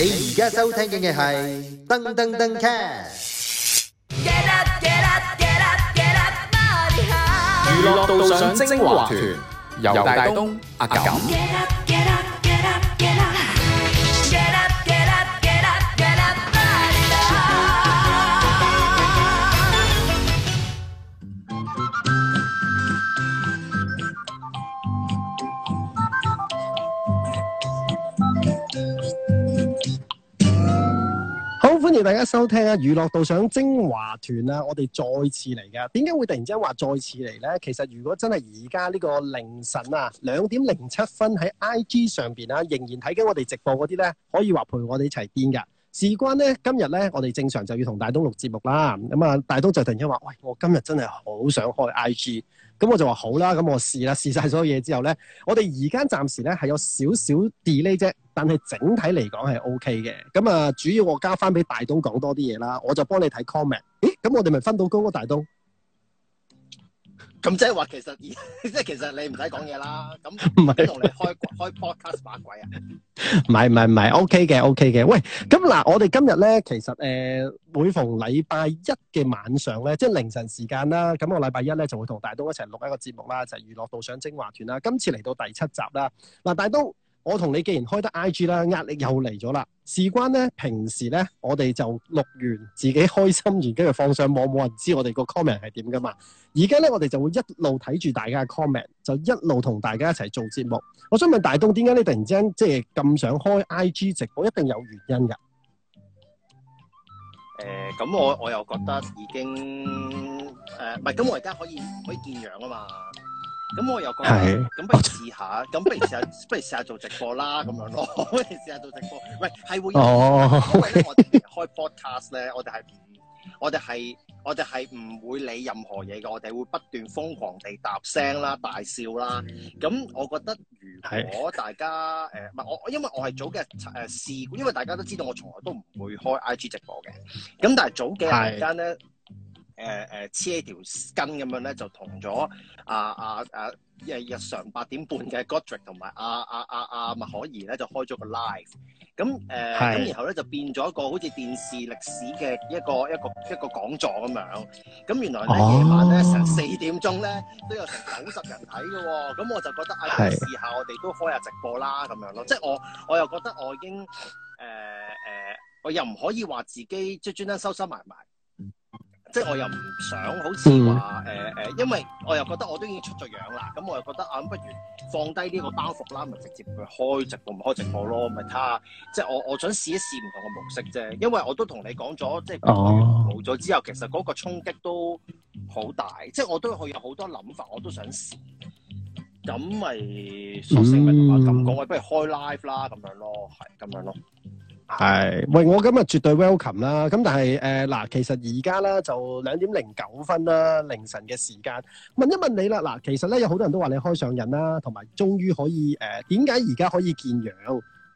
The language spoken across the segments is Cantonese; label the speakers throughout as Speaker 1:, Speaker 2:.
Speaker 1: 你而家收聽緊嘅係《噔噔噔 Catch》。
Speaker 2: 娛樂
Speaker 1: 導賞精華團，由大東、阿錦。大家收聽啊！娛樂導賞精華團啊，我哋再次嚟㗎。點解會突然之間話再次嚟呢？其實如果真係而家呢個凌晨啊，兩點零七分喺 IG 上邊啊，仍然睇緊我哋直播嗰啲呢，可以話陪我哋一齊癲㗎。事關呢，今日呢，我哋正常就要同大東錄節目啦。咁啊，大東就突然之間話：喂，我今日真係好想開 IG。咁我就話好啦，咁我試啦，試晒所有嘢之後咧，我哋而家暫時咧係有少少 delay 啫，但係整體嚟講係 O K 嘅。咁啊，主要我交翻俾大東講多啲嘢啦，我就幫你睇 comment。咦，咁我哋咪分到工咯，大東。咁即係話，其實而即係其實你唔使講嘢啦。咁唔係同你開開 podcast 把鬼啊？唔係唔係唔係，OK 嘅 OK 嘅。喂，咁嗱，我哋今日咧，其實誒，每逢禮拜一嘅晚上咧，即係凌晨時間啦。咁我禮拜一咧就會同大東一齊錄一個節目啦，就係娛樂導賞精華團啦。今次嚟到第七集啦。嗱，大東。我同你既然開得 I G 啦，壓力又嚟咗啦。事關咧，平時咧，我哋就錄完自己開心完，跟住放上網，冇人知我哋個 comment 係點噶嘛。而家咧，我哋就會一路睇住大家嘅 comment，就一路同大家一齊做節目。我想問大東，點解你突然之間即係咁想開 I G 直播？一定有原因噶。誒、呃，咁我我又覺得已經誒，唔、呃、係，咁我而家可以可以見樣啊嘛。咁我又覺得，咁是不如試下，咁我不如試下， 不如試下做直播啦，咁樣咯，不如試下做直播。喂，係會，oh, okay. 因為我哋開 podcast 咧，我哋係，我哋係，我哋係唔會理任何嘢嘅，我哋會不斷瘋狂地答聲啦、大笑啦。咁、嗯、我覺得，如果大家誒，唔係我，因為我係早幾日誒試，因為大家都知道我從來都唔會開 IG 直播嘅。咁但係早幾日間咧。誒誒黐一條筋咁樣咧、啊，就同咗啊啊啊日日常八點半嘅 Godric 同埋、啊、阿阿、啊、阿阿、啊啊、麥可兒咧，就開咗個 live。咁誒咁，呃、是的 然後咧就變咗一個好似電視歷史嘅一個一個一個講座咁樣。咁原來咧、哦、夜晚咧成四點鐘咧都有成九十人睇嘅喎。咁我就覺得啊，試、哎、是的 下我哋都開下直播啦咁樣咯。是的 即係我我又覺得我已經誒誒、呃呃，我又唔可以話自己即係專登收收埋埋，埋。即係我又唔想好似話誒誒，因為我又覺得我都已經出咗樣啦，咁我又覺得啊，不如放低呢個包袱啦，咪直接去開直播唔開直播咯，咪睇下。即係我我想試一試唔同嘅模式啫，因為我都同你講咗，即係冇咗之後，其實嗰個衝擊都好大。哦、即係我都去有好多諗法，我都想試。咁咪索性咪同阿錦講，嗯、我不如開 live 啦，咁樣咯，係咁樣咯。係喂，我今日絕對 welcome 啦。咁但係誒嗱，其實而家咧就兩點零九分啦，凌晨嘅時間問一問你啦。嗱，其實咧有好多人都話你開上癮啦，同埋終於可以誒點解而家可以見樣？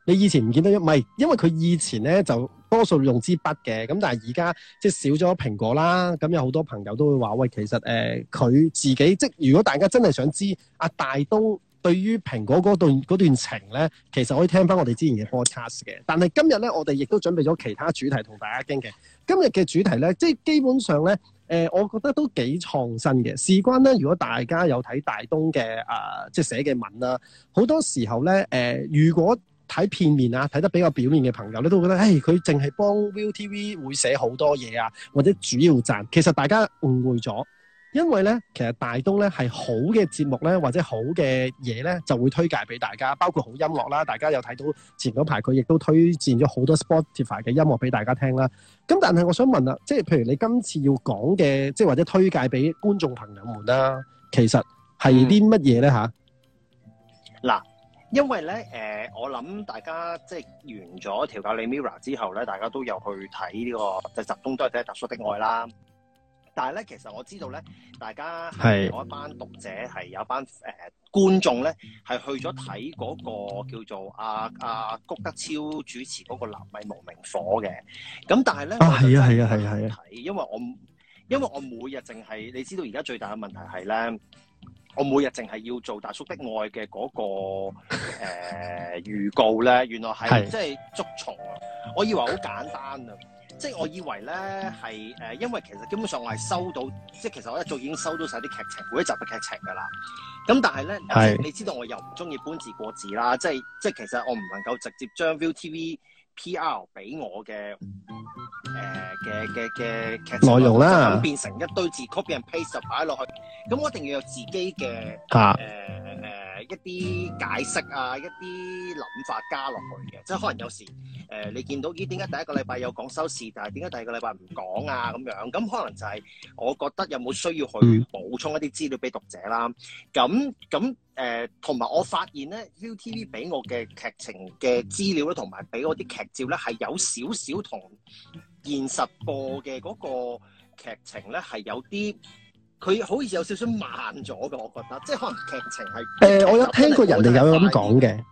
Speaker 1: 你以前唔見得到，唔係因為佢以前咧就多數用支筆嘅。咁但係而家即少咗蘋果啦。咁有好多朋友都會話喂，其實誒佢、呃、自己即如果大家真係想知啊大東……」對於蘋果嗰段嗰段情咧，其實可以聽翻我哋之前嘅 podcast 嘅。但係今日咧，我哋亦都準備咗其他主題同大家傾嘅。今日嘅主題咧，即係基本上咧、呃，我覺得都幾創新嘅。事關咧，如果大家有睇大東嘅、呃、即係寫嘅文啦，好多時候咧、呃，如果睇片面啊，睇得比較表面嘅朋友咧，都覺得誒，佢淨係幫 ViuTV 會寫好多嘢啊，或者主要讚。其實大家誤會咗。因為咧，其實大東咧係好嘅節目咧，或者好嘅嘢咧，就會推介俾大家，包括好音樂啦。大家有睇到前嗰排佢亦都推薦咗好多 Spotify 嘅音樂俾大家聽啦。咁但係我想問啦，即係譬如你今次要講嘅，即係或者推介俾觀眾朋友們啦，其實係啲乜嘢咧吓？嗱、嗯，因為咧、呃，我諗大家即係完咗調教你 Mirror 之後咧，大家都有去睇呢、呢個，就集中都係睇《大叔的愛》啦。但係咧，其實我知道咧，大家我一班讀者係的有一班誒、呃、觀眾咧，係去咗睇嗰個叫做阿阿谷德超主持嗰、那個《納米無名火》嘅。咁但係咧，啊係啊係啊係啊！睇，因為我因為我每日淨係，你知道而家最大嘅問題係咧，我每日淨係要做大叔的愛嘅嗰、那個誒預、 呃、告咧，原來係的即係捉蟲啊！我以為好簡單啊！即係我以為咧係誒，因為其實基本上我係收到，即係其實我一早已經收到晒啲劇情，每一集嘅劇情㗎啦。咁但係咧，是你知道我又唔中意搬字過字啦，即係即係其實我唔能夠直接將 ViuTV PR 俾我嘅誒嘅嘅嘅劇內容啦，咁變成一堆字 copy and paste 就擺落去，咁我一定要有自己嘅誒。啊一啲解釋啊，一啲諗法加落去嘅，即係可能有時誒、呃，你見到咦？點解第一個禮拜有講收視，但係點解第二個禮拜唔講啊？咁樣咁可能就係我覺得有冇需要去補充一啲資料俾讀者啦。咁咁誒，同埋、呃、我發現咧，UTV 俾我嘅劇情嘅資料咧，同埋俾我啲劇照咧，係有少少同現實播嘅嗰個劇情咧係有啲。佢好似有少少慢咗嘅，我覺得，即係可能劇情係，誒我、呃、有聽過人哋有咁講嘅，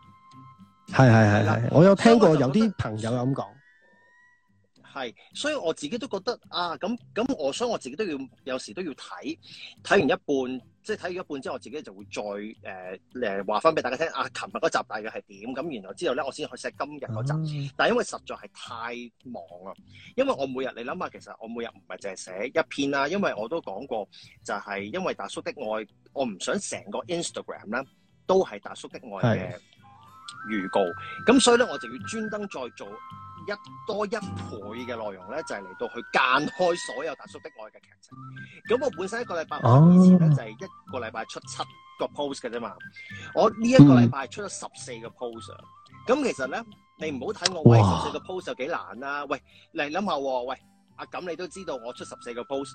Speaker 1: 係係係係，我有聽過有啲朋友咁講。係，所以我自己都覺得啊，咁咁，我所以我自己都要有時都要睇，睇完一半，即係睇完一半之後，我自己就會再誒誒話翻俾大家聽啊，琴日嗰集大概係點？咁原來之後咧，我先去寫今日嗰集，但係因為實在係太忙啊，因為我每日你諗下，其實我每日唔係淨係寫一篇啦，因為我都講過就係因為達叔的愛，我唔想成個 Instagram 咧都係達叔的愛嘅預告，咁的所以咧我就要專登再做。一多一倍嘅內容咧，就係嚟到去間開所有大叔的愛嘅劇情。咁我本身一個禮拜，oh. 以前咧，就係、是、一個禮拜出七個 post 嘅啫嘛。我呢一個禮拜出咗十四個 post。咁，mm. 其實咧，你唔好睇我，啊，哇喂，十四個 post 又幾難啦。喂，嚟諗下，喂，阿錦你都知道，我出十四個 post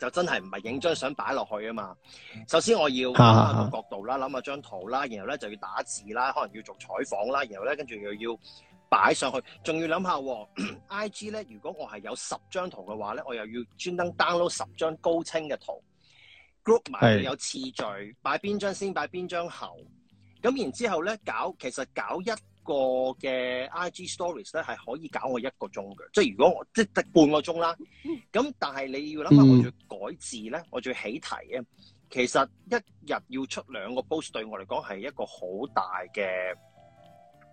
Speaker 1: 就真係唔係影張相擺落去啊嘛。首先我要諗下個角度啦，諗下張圖啦，然後咧就要打字啦，可能要做採訪啦，然後咧跟住又要。擺上去，仲要諗下、嗯、IG 咧。如果我係有十張圖嘅話咧，我又要專登 download 十張高清嘅圖，group 埋是的 有次序，擺邊張先，擺邊張後。咁然之後咧，搞其實搞一個嘅 IG stories 咧，係可以搞我一個鐘嘅，即係如果我即係得半個鐘啦。咁但係你要諗下，我要改字咧，我仲要起題咧。其實一日要出兩個 post，對我嚟講係一個好大嘅。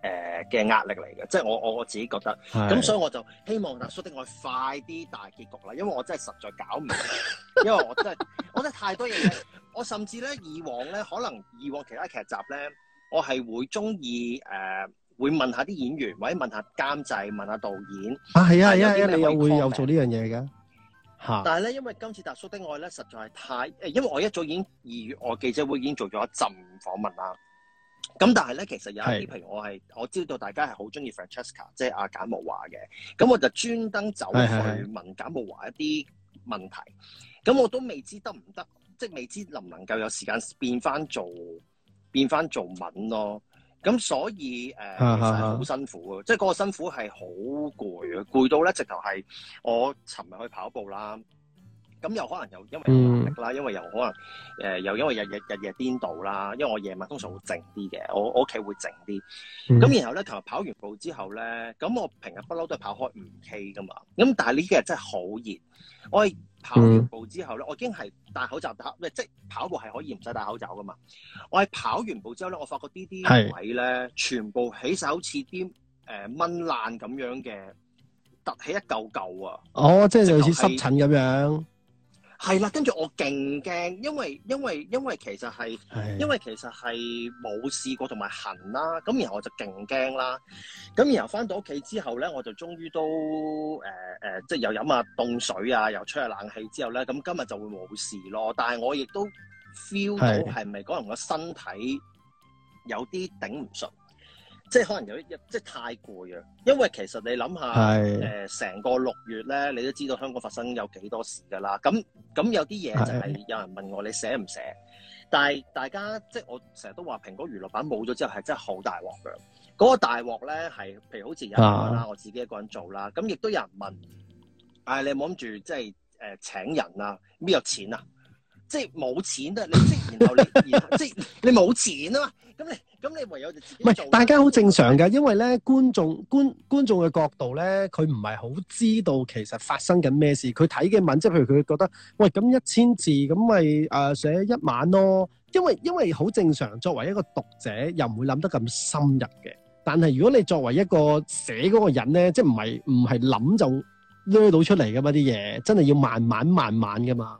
Speaker 1: 誒嘅壓力嚟嘅，即係我我我自己覺得，咁的所以我就希望《大叔的愛》快啲大結局啦，因為我真係實在搞唔明， 因為我真係我真係太多嘢。 我甚至咧以往咧，可能以往其他劇集咧，我係會中意誒，會問下啲演員，或者問下監製，問下導演。啊，係啊，因因、呃、的你又會有做、啊、呢樣嘢嘅，吓。但係咧，因為今次《大叔的愛》咧，實在係太誒，因為我一早已經二月我記者會已經做咗一陣訪問啦。咁但係咧，其實有一啲，譬是如我係我知道大家係好中意 Francesca，即係阿、啊、簡慕華嘅。咁我就專登走去問，是是是問簡慕華一啲問題。咁我都未知得唔得，即係未知能唔能夠有時間變翻做變翻做文咯。咁所以誒、呃，其實係好辛苦嘅，即係嗰個辛苦係好攰嘅，攰到咧直頭係我尋日去跑步啦。咁又可能又因為壓力啦，嗯、因為又可能誒、呃、又因為日日日夜顛倒啦，因為我夜晚通常會靜啲嘅，我我屋企會靜啲。
Speaker 2: 咁、嗯、然後咧，
Speaker 1: 尋日跑完步之後咧，咁我平日不嬲都係跑開唔 K 噶嘛。咁但係呢幾日真係好熱，我係跑完步之後咧，嗯、我已經係戴口罩跑，即係跑步係可以唔使戴口罩噶嘛。我係跑完步之後咧，我發覺呢啲位咧，是全部起曬好似啲誒蚊爛咁樣嘅，凸起一嚿嚿啊！哦，即係類似濕疹咁樣。係啦，跟住我勁驚，因為因為因為其實係的因為其實係冇試過同埋痕啦，咁然後我就勁驚啦，咁然後翻到屋企之後咧，我就終於都誒誒、呃呃，即係又飲下凍水啊，又吹下冷氣之後咧，咁今日就會冇事咯。但係我亦都 feel 到係咪個人個身體有啲頂唔順？即係可能有啲即係太攰啊！因為其實你諗下誒成個六月咧，你都知道香港發生有幾多事㗎啦。咁咁有啲嘢就係有人問我你寫唔寫？但係大家即係我成日都話，蘋果娛樂版冇咗之後係真係好大鑊㗎。嗰、嗰個大鑊咧係，譬如好似而家啦，啊、我自己一個人做啦。咁亦都有人問：，啊、哎，你有冇諗住即係誒、呃、請人啊？邊有錢啊？即係冇錢啊，你即然後你，然後 即係你冇錢啊嘛，咁你咁你唯有就自己做，唔係大家好正常噶，因為咧觀眾觀觀眾嘅角度咧，佢唔係好知道其實發生緊咩事，佢睇嘅文即係譬如佢覺得喂，咁一千字咁咪誒寫一晚咯，因為因為好正常，作為一個讀者又唔會諗得咁深入嘅，但係如果你作為一個寫嗰個人咧，即係唔係唔係諗就 write 到出嚟噶嘛啲嘢，真係要慢慢慢慢噶嘛。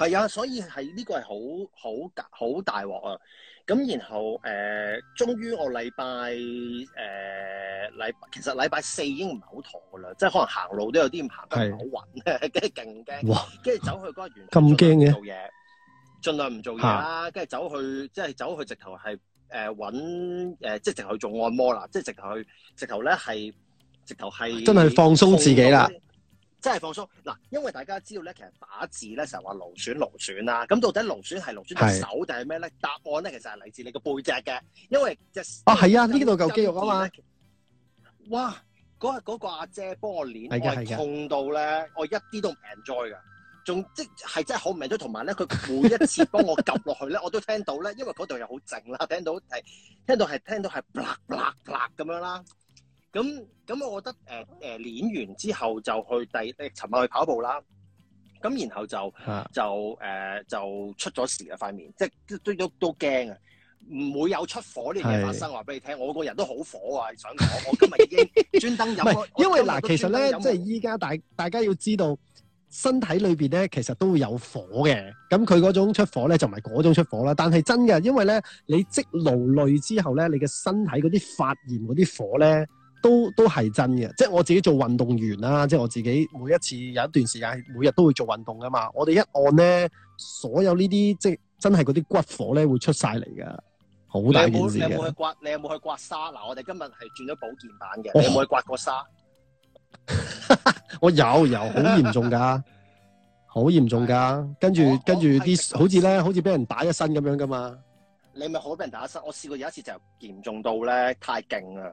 Speaker 1: 係啊，所以係呢個係好好好大鑊啊！咁然後誒、呃，終於我禮拜誒、呃、禮，其實禮拜四已經唔係好妥噶啦，即係可能行路都有啲唔行得好勻，跟住勁驚哇，跟住走去嗰咁驚嘅，做嘢，盡量唔做嘢啦。跟住走去，即係走去直頭係誒搵誒，即係直頭去做按摩啦，即係直頭去直頭咧係直頭係真係放鬆自己啦。真係放鬆嗱，因為大家知道咧，其實打字咧成日話勞損勞損啦，咁到底勞損係勞損隻手定係咩咧？答案咧其實係嚟自你個背脊嘅，因為隻啊係啊，裡呢度嚿肌肉啊嘛。哇！嗰嗰、那個阿、那個、姐幫我捏，的我係痛到咧，的我一啲都唔 enjoy 噶，仲即係真係好唔 enjoy。同埋咧，佢每一次幫我撳落去咧， 我都聽到咧，因為嗰度又好靜啦，聽到係聽到係聽到係卜卜卜咁樣啦。咁咁，我覺得誒誒，練、呃呃、完之後就去第誒，尋日去跑步啦。咁然後就、啊、就誒、呃，就出咗事啊！塊面即係都都都驚啊！唔會有出火呢樣嘢發生話俾是你聽。我個人都好火啊！想講我今日已經專登飲。 是有因為嗱，其實咧，有有即係依家大大家要知道，身體裏面咧其實都會有火嘅。咁佢嗰種出火咧就唔係嗰種出火啦。但係真嘅，因為咧你積勞累之後咧，你嘅身體嗰啲發炎嗰啲火咧。都都係真嘅，即係我自己做運動員啦、啊，即係我自己每一次有一段時間每日都會做運動噶嘛。我哋一按咧，所有呢啲即係真係嗰啲骨火咧會出晒嚟噶，好大件事的，你有冇。你有冇去刮？你有冇去刮痧？嗱，我哋今日係轉咗保健版嘅，oh. 你有冇去刮過痧？我有有着的好嚴重噶，的好嚴重噶。跟住跟住啲好似咧，好似俾人打一身咁樣噶嘛。你咪好俾人打一身。我試過有一次就嚴重到咧，太勁啦。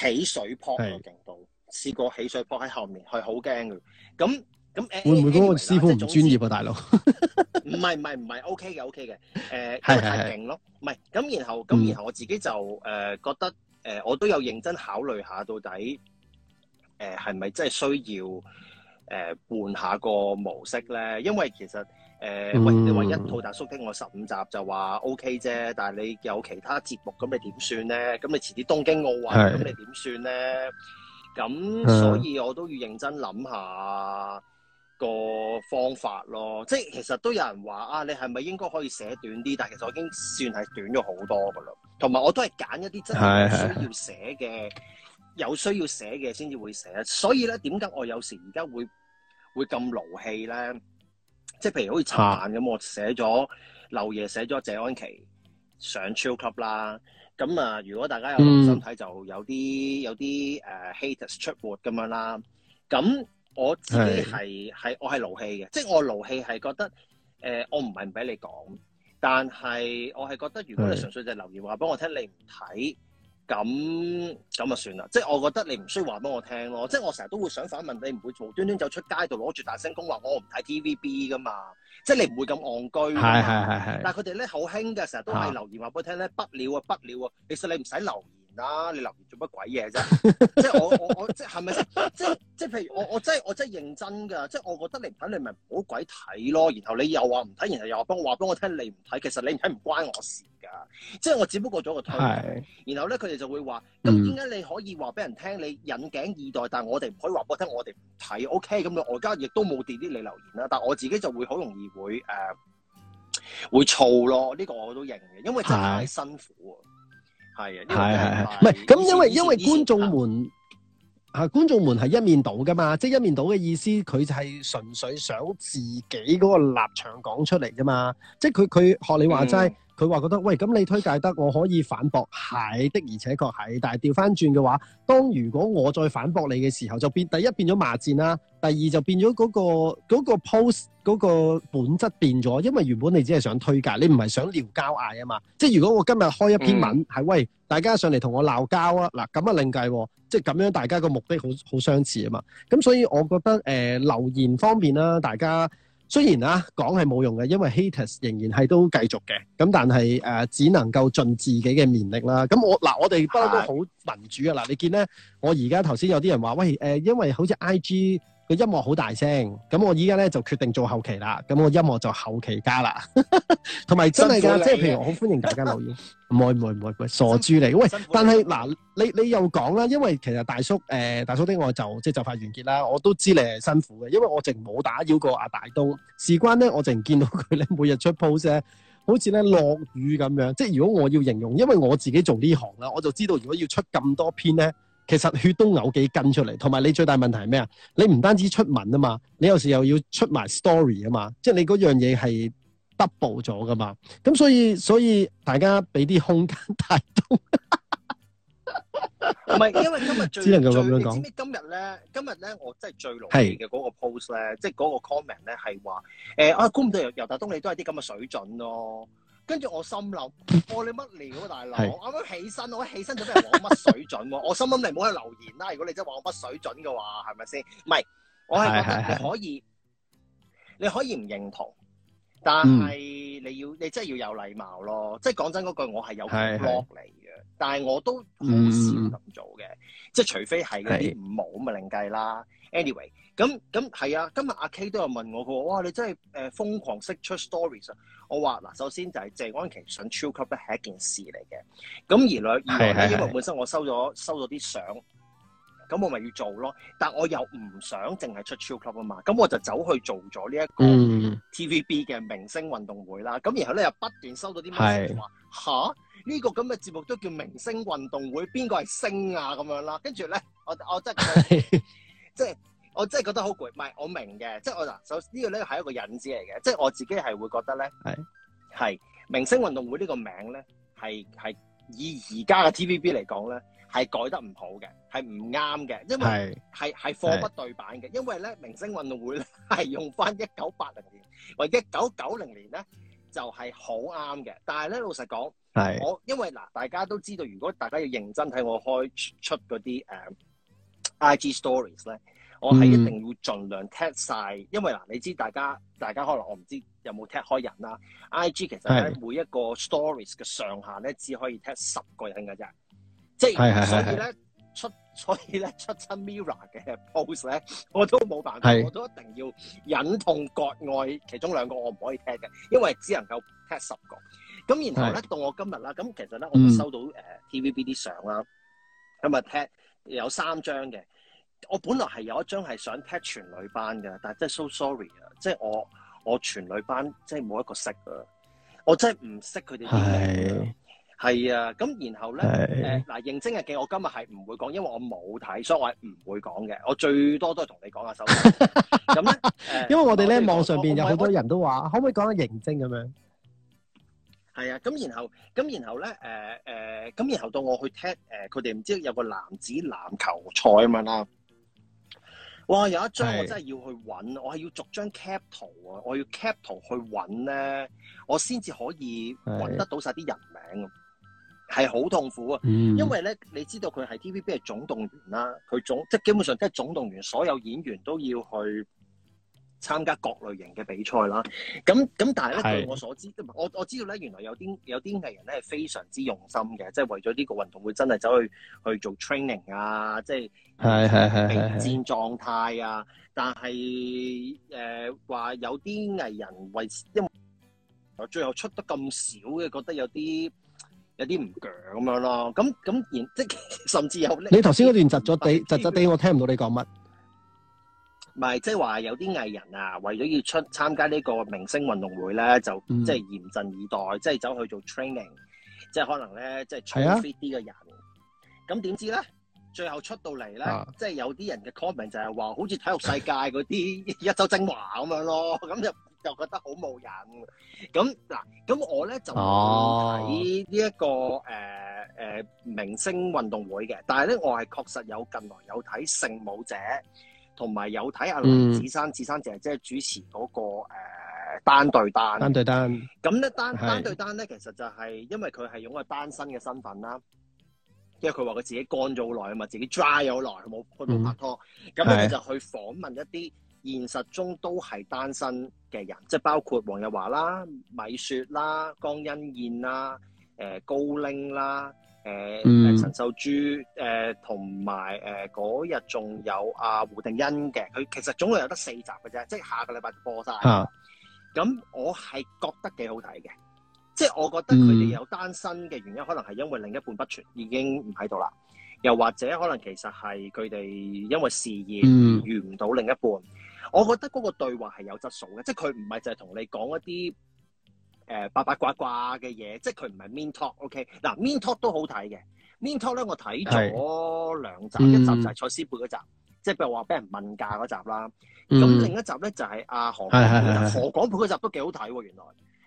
Speaker 1: 起水泡嘅程度，試的過起水泡喺後面係好驚嘅。咁咁誒會唔會嗰個師傅唔專業啊？大佬，唔係唔係唔係，OK 嘅 OK 嘅誒，因為太勁咯。唔係咁，然後咁，然後我自己就誒覺得誒，我都、嗯呃、有認真考慮下到底誒係咪真係需要誒換、呃、下個模式咧？因為其實。誒，嗯、喂，你話一套大叔聽我十五集就話 OK 啫，但係你有其他節目咁你點算咧？咁你遲啲東京奧運咁是你點算咧？咁的所以我都要認真諗下個方法咯。即係其實都有人話啊，你係咪應該可以寫短啲？但係其實我已經算係短咗好多噶啦。同埋我都係揀一啲真係需要寫嘅，有需要寫嘅先至會寫。所以咧，點解我有時而家會會咁勞氣咧？即係譬如好似殘咁，啊、我寫咗劉爺寫咗謝安琪上 Chill Club 啦。咁啊，如果大家有心睇，嗯、就有啲有啲誒、呃、haters 出沒咁樣啦。咁我自己係係是我係勞氣嘅，即係我勞氣係覺得誒、呃，我唔係唔俾你講，但係我係覺得如果你純粹就留言話，俾我聽你唔睇。咁咁啊算啦，即係我覺得你唔需要話俾我聽咯，即係我成日都會想反問你，唔會無端端走出街度攞住大聲公話我唔睇 TVB 噶嘛？即係你唔會咁戇居。係係係， 但係佢哋咧好興嘅，成日都係留言話俾我聽咧、 啊，不了啊不了啊！其實你唔使留言。啦，你留言做乜鬼嘢啫？ 即係我我我即係係咪？即即譬如我我真係我真係認真噶，即係我覺得你唔睇你咪好鬼睇咯。然後你又話唔睇，然後又話，幫我話俾我聽你唔睇，其實你唔睇唔關我事噶。即係我只不過做一個推。是然後咧，佢哋就會話咁點解你可以話俾人聽你引頸以待，但係我哋唔可以話俾我聽，OK，我哋唔睇？O K 咁樣，外加亦都冇電啲你留言啦。但係我自己就會好容易會誒、呃、會燥咯。呢、這個我都認嘅，因為真係太辛苦。係啊，係係係，唔係咁，因為思因為觀眾們。啊！觀眾們係一面倒噶嘛，即係一面倒嘅意思，佢就係純粹想自己嗰個立場講出嚟噶嘛。即係佢佢學你話齋，佢話、嗯、覺得喂，咁你推介得，我可以反駁，係的，而且確係。但係調翻轉嘅話，當如果我再反駁你嘅時候，就變第一變咗罵戰啦、啊，第二就變咗嗰、嗰個嗰、嗰個 post 嗰個本質變咗，因為原本你只係想推介，你唔係想撩交嗌啊嘛。即係如果我今日開一篇文，係、嗯、喂大家上嚟同我鬧交啊，嗱咁啊另計。即係咁樣，大家個目的好好相似啊嘛。咁所以我覺得誒留、呃、言方面啦、啊，大家雖然啊講係冇用嘅，因為 haters 仍然係都繼續嘅。咁但係誒、呃、只能夠盡自己嘅勉力啦。咁我嗱，我哋不嬲都好民主嘅。嗱，你見咧，我而家頭先有啲人話喂誒、呃，因為好似 IG。音樂好大聲，咁我依家咧就決定做後期啦，咁我音樂就後期加啦，同 埋真係噶，即係譬如我好 歡迎大家留言，唔會唔會唔會，傻豬嚟，你喂！但係嗱， 你你又講啦，因為其實大叔誒、呃，大叔的愛我就即係就快完結啦，我都知道你係辛苦嘅，因為我淨冇打擾過阿大東，事關咧，我淨見到佢咧每日出 post 咧，好似咧落雨咁樣，嗯、即係如果我要形容，因為我自己做呢行啦，我就知道如果要出咁多篇咧。其實血都扭幾根出嚟，同埋你最大問題係咩啊？你唔單止出文啊嘛，你有時又要出埋 story 啊嘛，即係你嗰樣嘢係 double 咗噶嘛。咁所以所以大家俾啲空間大東，唔係因為今日最只能夠咁樣講。知唔知今日咧？今日咧，我真係最留意嘅嗰個 post 咧，即係嗰個 comment 咧，係話誒，我估唔到由由大東你都係啲咁嘅水準咯。跟住我心諗，哦，你乜料啊大佬？是我啱啱起身，我起身就畀人講乜水準喎？ 我心諗你唔好去留言啦、啊。如果你真係話我乜水準嘅話，係咪先？唔係，我係覺得你可以，是是是你可以唔認同，是是是但係你要你真係要有禮貌咯。即係講真嗰句，我係有落嚟嘅，是是但係我都冇事咁做嘅。嗯、即係除非係嗰啲唔好，咪另計啦。是是 Anyway，咁咁係啊，今日阿 K 都有問我佢話，哇，你真係誒、呃、瘋狂識出 stories 啊！我話嗱，首先就係謝安琪上超級都係一件事嚟嘅，咁而兩而咧，呢是是是因為本身我收咗收咗啲相，咁我咪要做咯，但我又唔想淨係出超級啊嘛，咁我就走去做咗呢一個 TVB 嘅明星運動會啦，咁、嗯、然後咧又不斷收到啲咩話吓，呢是是、呢個咁嘅節目都叫明星運動會，邊個係星啊咁樣啦？跟住咧，我我真係。 即係我真係覺得好攰，唔係我明嘅，即係我嗱，首先呢個咧係一個引子嚟嘅，即係我自己係會覺得咧，係係是明星運動會是呢個名咧，係係以而家嘅 TVB 嚟講咧，係改得唔好嘅，係唔啱嘅，因為係係貨不對版嘅，因為咧明星運動會咧係用翻一九八零年或一九九零年咧就係好啱嘅，但係咧老實講，係我因為嗱，大家都知道，如果大家要認真睇我開出嗰啲誒。Uh, I G Stories 咧，我係一定要盡量 tag 曬，嗯、因為嗱，你知大家大家可能我唔知有冇 tag 開人啦。是 I G 其實喺每一個 Stories 嘅上限咧，只可以 tag 十個人嘅啫，即、就、係、是、所以咧出所以咧出親 Mirror 嘅 post 咧，我都冇辦法，是我都一定要忍痛割愛其中兩個我唔可以 tag 嘅，因為只能夠 tag 十個。咁然後咧是到我今日啦，咁其實咧、嗯、我會收到誒、uh, T V B 啲相啦，咁啊 t 有三張嘅，我本來係有一張係想踢全女班嘅，但係真係 so sorry 啊！即係我我全女班即係冇一個識嘅，我真係唔識佢哋啲人。係係的的啊，咁然後咧誒，嗱，刑偵日記我今日係唔會講，因為我冇睇，所以我係唔會講嘅。我最多都係同你講下手。咁咧 呢，因為我哋咧網上邊有好多人都話，可唔可以講下刑偵咁樣？係啊，咁然後，咁然後咧，誒、呃、誒，咁、呃、然後到我去聽，誒、呃，佢哋唔知道有個男子籃球賽啊嘛啦，哇，有一張我真係要去揾，是的 我係要逐張 cap 圖啊，我要 cap 圖去揾咧，我先至可以揾得到晒啲人名，係好是的 痛苦啊，嗯、因為咧，你知道佢係 TVB 嘅總動員啦，佢總即係基本上即係總動員，所有演員都要去。參加各類型嘅比賽啦，咁咁但係咧，據我所知，是我我知道咧，原來有啲有啲藝人咧係非常之用心嘅，即係為咗呢個運動會真係走去去做 training 啊，即係係係係備戰狀態啊。但係誒話有啲藝人為因為最後出得咁少嘅，覺得有啲有啲唔強咁樣咯。咁咁然即係甚至有你頭先嗰段窒咗地，窒咗地，地我聽唔到你講乜。唔係，即係話有啲藝人啊，為咗要出參加呢個明星運動會咧，就、嗯、即係嚴陣以待，即係走去做 training，即係可能咧，即係操 fit 啲嘅人。咁點、啊、知咧，最後出到嚟咧，啊、即係有啲人嘅 comment 就係話，好似體育世界嗰啲一周精華咁樣咯，咁就就覺得好冇癮。咁嗱，咁我咧就睇呢一個誒誒、啊呃呃、明星運動會嘅，但係咧我係確實有近來有睇《盛．舞者》。同埋有睇阿林子珊，嗯、子珊就係即主持嗰、嗰個誒、呃、單對單。單對單。咁咧單單對單咧單的，其實就係因為佢係用個單身嘅身份啦，因為佢話佢自己乾咗好耐啊嘛，自己 dry 咗好耐，佢冇冇拍拖，咁咧、嗯、佢就去訪問一啲現實中都係單身嘅人，即係的包括黃日華啦、米雪啦、江欣燕啦、誒、呃、高鈴啦。誒、呃嗯、陳秀珠誒同埋誒嗰日仲有阿、呃啊、胡定欣嘅，佢其實總共有得四集嘅啫，即係下個禮拜播晒。咁、啊、我係覺得幾好睇嘅，即係我覺得佢哋有單身嘅原因，嗯、可能係因為另一半不存已經唔喺度啦，又或者可能其實係佢哋因為事業遇唔到另一半。我覺得嗰個對話係有質素嘅，即係佢唔係淨係同你講一啲。誒、呃、八八卦卦嘅嘢，即係佢唔係 Mean Talk，O K。嗱 Mean Talk 都好睇嘅，Mean Talk 咧我睇咗兩集，是一集就係蔡思貝嗰集，嗯、即係譬如話俾人問價嗰集啦。
Speaker 2: 咁、嗯、另一
Speaker 1: 集咧就係、是、阿、啊、何何廣沛嗰集都幾好睇喎，原來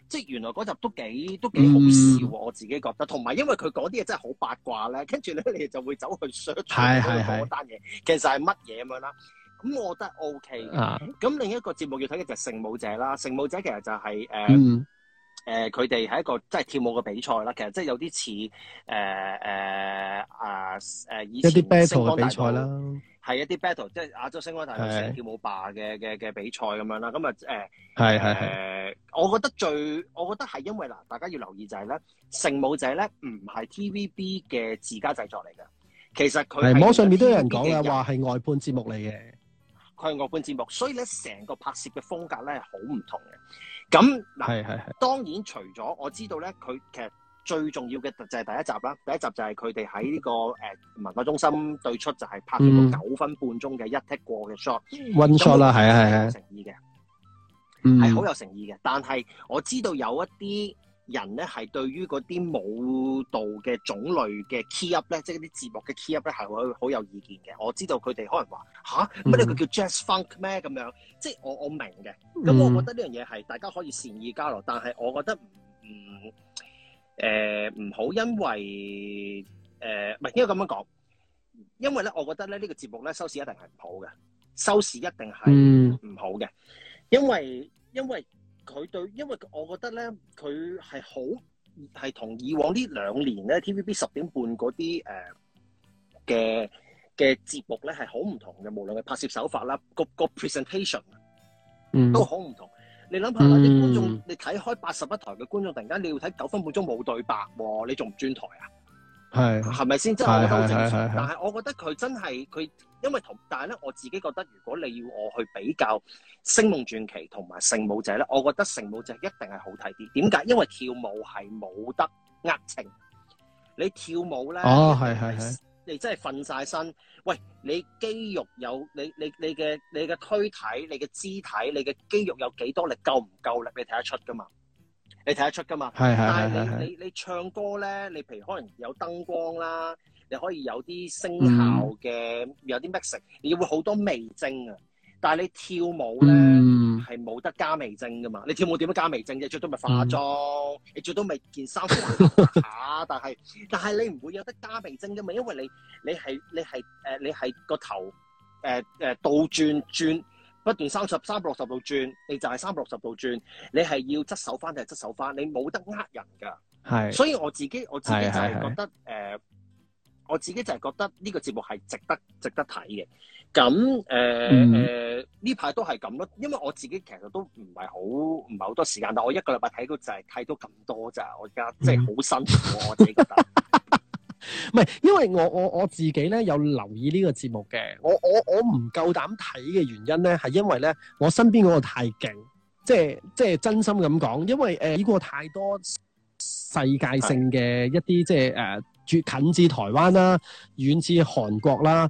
Speaker 1: 即係原來嗰集都幾都幾好笑喎，嗯、我自己覺得。同埋因為佢嗰啲嘢真係好八卦咧，跟住咧你們就會走去 search 嗰單嘢，其實係乜嘢咁樣啦。咁我覺得 O K。咁另一個節目要睇嘅就係《盛．舞者》啦，《盛．舞者》其實就係、是、誒。呃嗯誒佢哋係一個即係跳舞嘅比賽啦，其實即係有啲似誒誒啊誒以前一啲 battle 比賽啦，係一啲 battle 即係亞洲星光大道嘅跳舞霸嘅嘅嘅比賽咁樣啦，咁啊誒係係誒，我覺得最我覺得係因為嗱，大家要留意就係、是、咧，盛舞者咧唔係 TVB 嘅自家製作嚟嘅，其實佢網上面都有人講嘅話係外判節目嚟嘅，佢係外判節目，所以咧成個拍攝嘅風格咧係好唔同嘅。咁嗱，當然除咗我知道咧，佢其實最重要嘅就係第一集啦。第一集就係佢哋喺呢個文化中心對出，就係拍咗個九分半鐘嘅一 take 過嘅 shot 温 shot 啦，係啊，係啊，好誠意嘅，
Speaker 2: 係好有
Speaker 1: 誠意嘅。但係我知道有一啲。人咧係對於嗰啲舞蹈嘅種類嘅 key up 咧，即係嗰啲節目嘅 key up 咧，係會好有意見嘅。我知道佢哋可能話吓，乜呢個叫 jazz funk 咩咁樣，即係我我明嘅。咁我覺得呢樣嘢係大家可以善意交流，但係我覺得唔誒唔好因為、呃唔，應該咁樣講，因為誒唔係應該咁樣講，因為咧我覺得咧呢個節目咧收視一定係唔好嘅，收視一定係唔好嘅、嗯，因為因為。佢對，因為我覺得咧，佢係好係同以往呢兩年咧，TVB 十點半嗰啲誒嘅嘅節目咧係好唔同嘅，無論係拍攝手法啦，個個 presentation 嗯，嗯都好唔同。你諗下啲觀眾，嗯、你睇開八十一台嘅觀眾，突然間你要睇九分半鐘冇對白，哦、你仲唔轉台啊？
Speaker 2: 係係咪先？真係是我正常，是是是是但
Speaker 1: 係我覺得佢真係佢。他因為同，但係咧，我自己覺得，如果你要我去比較《星夢傳奇》同埋《盛．舞者》咧，我覺得《盛．舞者》一定係好睇啲。點解？因為跳舞係冇得呃情，你跳舞咧，哦，係係係，你真係瞓晒身。喂，你肌肉有你你你嘅你嘅軀體、你嘅肢體、你嘅肌肉有幾多力，夠唔夠力？你睇得出噶嘛？你睇得出噶嘛？係係。但係你你你，你唱歌咧，你譬如可能有燈光啦。你可以有啲聲效嘅，嗯、有啲 mix，你會好多味精啊。但係你跳舞咧係冇得加味精㗎嘛？你跳舞點樣加味精啫？最多咪化妝，你最多咪件衫。 但係，但係你唔會有得加味精㗎嘛？因為你你係你係誒，你係、呃、個頭誒誒、呃呃、倒轉轉不斷三十三百六十度轉，你就係三百六十度轉。你係要側手翻就係側手翻，你冇得呃人㗎。係是，所以我自己我自己就係覺得誒。我自己就係覺得呢個節目係值得值得睇嘅，咁誒誒呢排都係咁咯，因為我自己其實都唔係好唔係好多時間，但我一個禮拜睇到就係睇到咁多咋，我而家、mm hmm. 即係好辛苦，我自己覺得。唔係， 因為我我我自己咧有留意呢個節目嘅，我我我唔夠膽睇嘅原因咧係因為咧我身邊嗰個太勁，即係即係真心咁講，因為誒呢個太多世界性嘅一啲的即係誒。呃絕近至台灣啦，遠至韓國啦。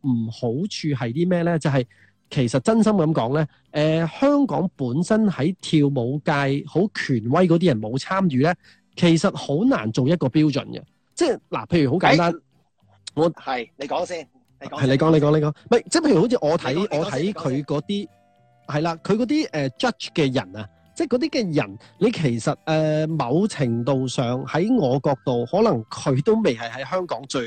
Speaker 1: 唔好處係啲咩咧？就係、是、其實真心咁講咧，誒、呃、香港本身喺跳舞界好權威嗰啲人冇參與咧，其實好難做一個標準嘅。即係嗱你我，譬如好簡單，我係你講先，你講說，係你講你講你講，唔係即係譬如好似我睇我睇佢嗰啲係啦，佢嗰啲誒 judge 嘅人啊，即係嗰啲嘅人，你其實誒、呃、某程度上喺我角度，可能佢都未係喺香港最